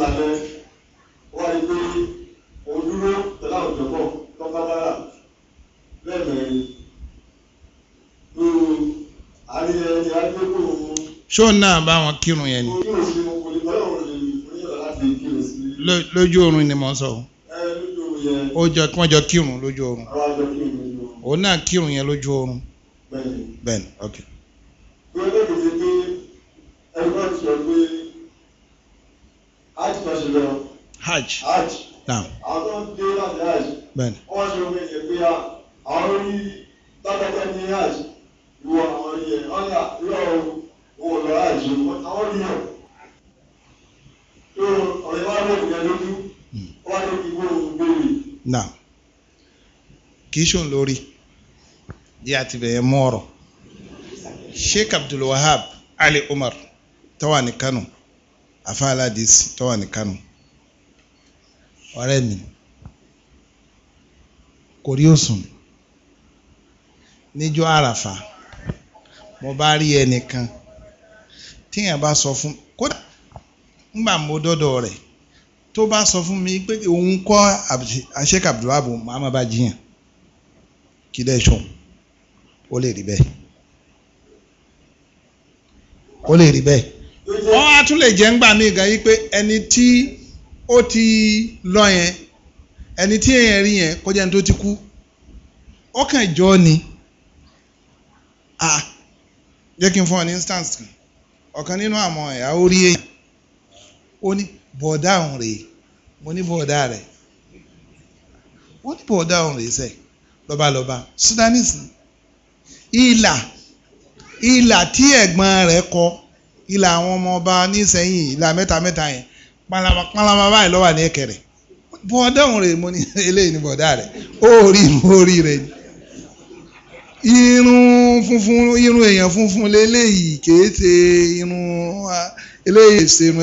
lànà wọ́n rí pé òun dúró pẹ̀lú àwọn ìjọ̀gbọ́n lọ́kàbára bẹ́ẹ̀ mẹ́rin lóru àríyá ẹni àgbẹ̀kọ̀ òun. ṣó náà bá wọn kírun yẹn ni. lójú oorun ni mo sọ ó jọ kí wọ́n jọ kírun lójú oorun òun náà kírun yẹn lójú oorun bẹ́ẹ̀ ni ok. hajj. hajj. naam. àwọn tó ń dé hajj. bẹ́ẹ̀ni. wọ́n ṣe omi ìpè ya àwọn orí tọ́tọ́tọ́ ní hajj ìwọ àwọn orí yẹn wọ́n yà yọ lọ hajj àwọn orí yẹn. tó ọ̀rẹ́ wa lè yẹn lójú hmm. wọ́n lè fi wọ́n gbèrè. naam kì í ṣòun lórí yìí àti bẹ̀yẹ mú Sheikh Abdul Wahab Ali Umar tó wà ní Kano afa aladis tó ní Kano ọ̀rẹ́ mi kò rí òsùn níjọ́ àràfà mo bá rí ẹnìkan tíyẹn bá sọ fún kódà ńgbà mo dọ́dọ̀ rẹ̀ tó bá sọ fún mi pé òun kọ́ Sheikh Abdulwahab màá má bá jiyàn kí dẹ́ sùn ó lè rí bẹ́ẹ̀ ó lè rí bẹ́ẹ̀ wọ́n á tún lè jẹ́ ńgbà mí gan yí pé ẹni tí ó ti lọ yẹn ẹni tí èèyàn rí yẹn kọjá ní tó ti kú ó kàn ni jẹ́ kí n fún ọ ní instance kan ọ̀kan nínú àwọn ẹ̀yà ó rí èèyàn ó ní bọ̀ọ̀dá òun rèé mo ní bọ̀ọ̀dá rẹ̀ wọ́n ní bọ̀ọ̀dá òun rèé sẹ́ẹ̀ lọ́balọ́ba Sudanese ìlà ìlà tí ẹ̀gbọ́n rẹ̀ kọ ìlà àwọn ọmọ ọba nísẹ̀yìn ìlà mẹ́ta mẹ́ta yẹn palama palama báyìí lọ́wọ́ ní ẹ̀kẹ́ rẹ̀ bọ́ọ̀dá òun rẹ̀ mo ní (laughs) eléyìí ní bọ́ọ̀dá rẹ̀ ó rí mo rí rẹ̀ irun funfun irun èèyàn funfun lélẹ́yìí kìí ṣe irun eléyìí ṣe irun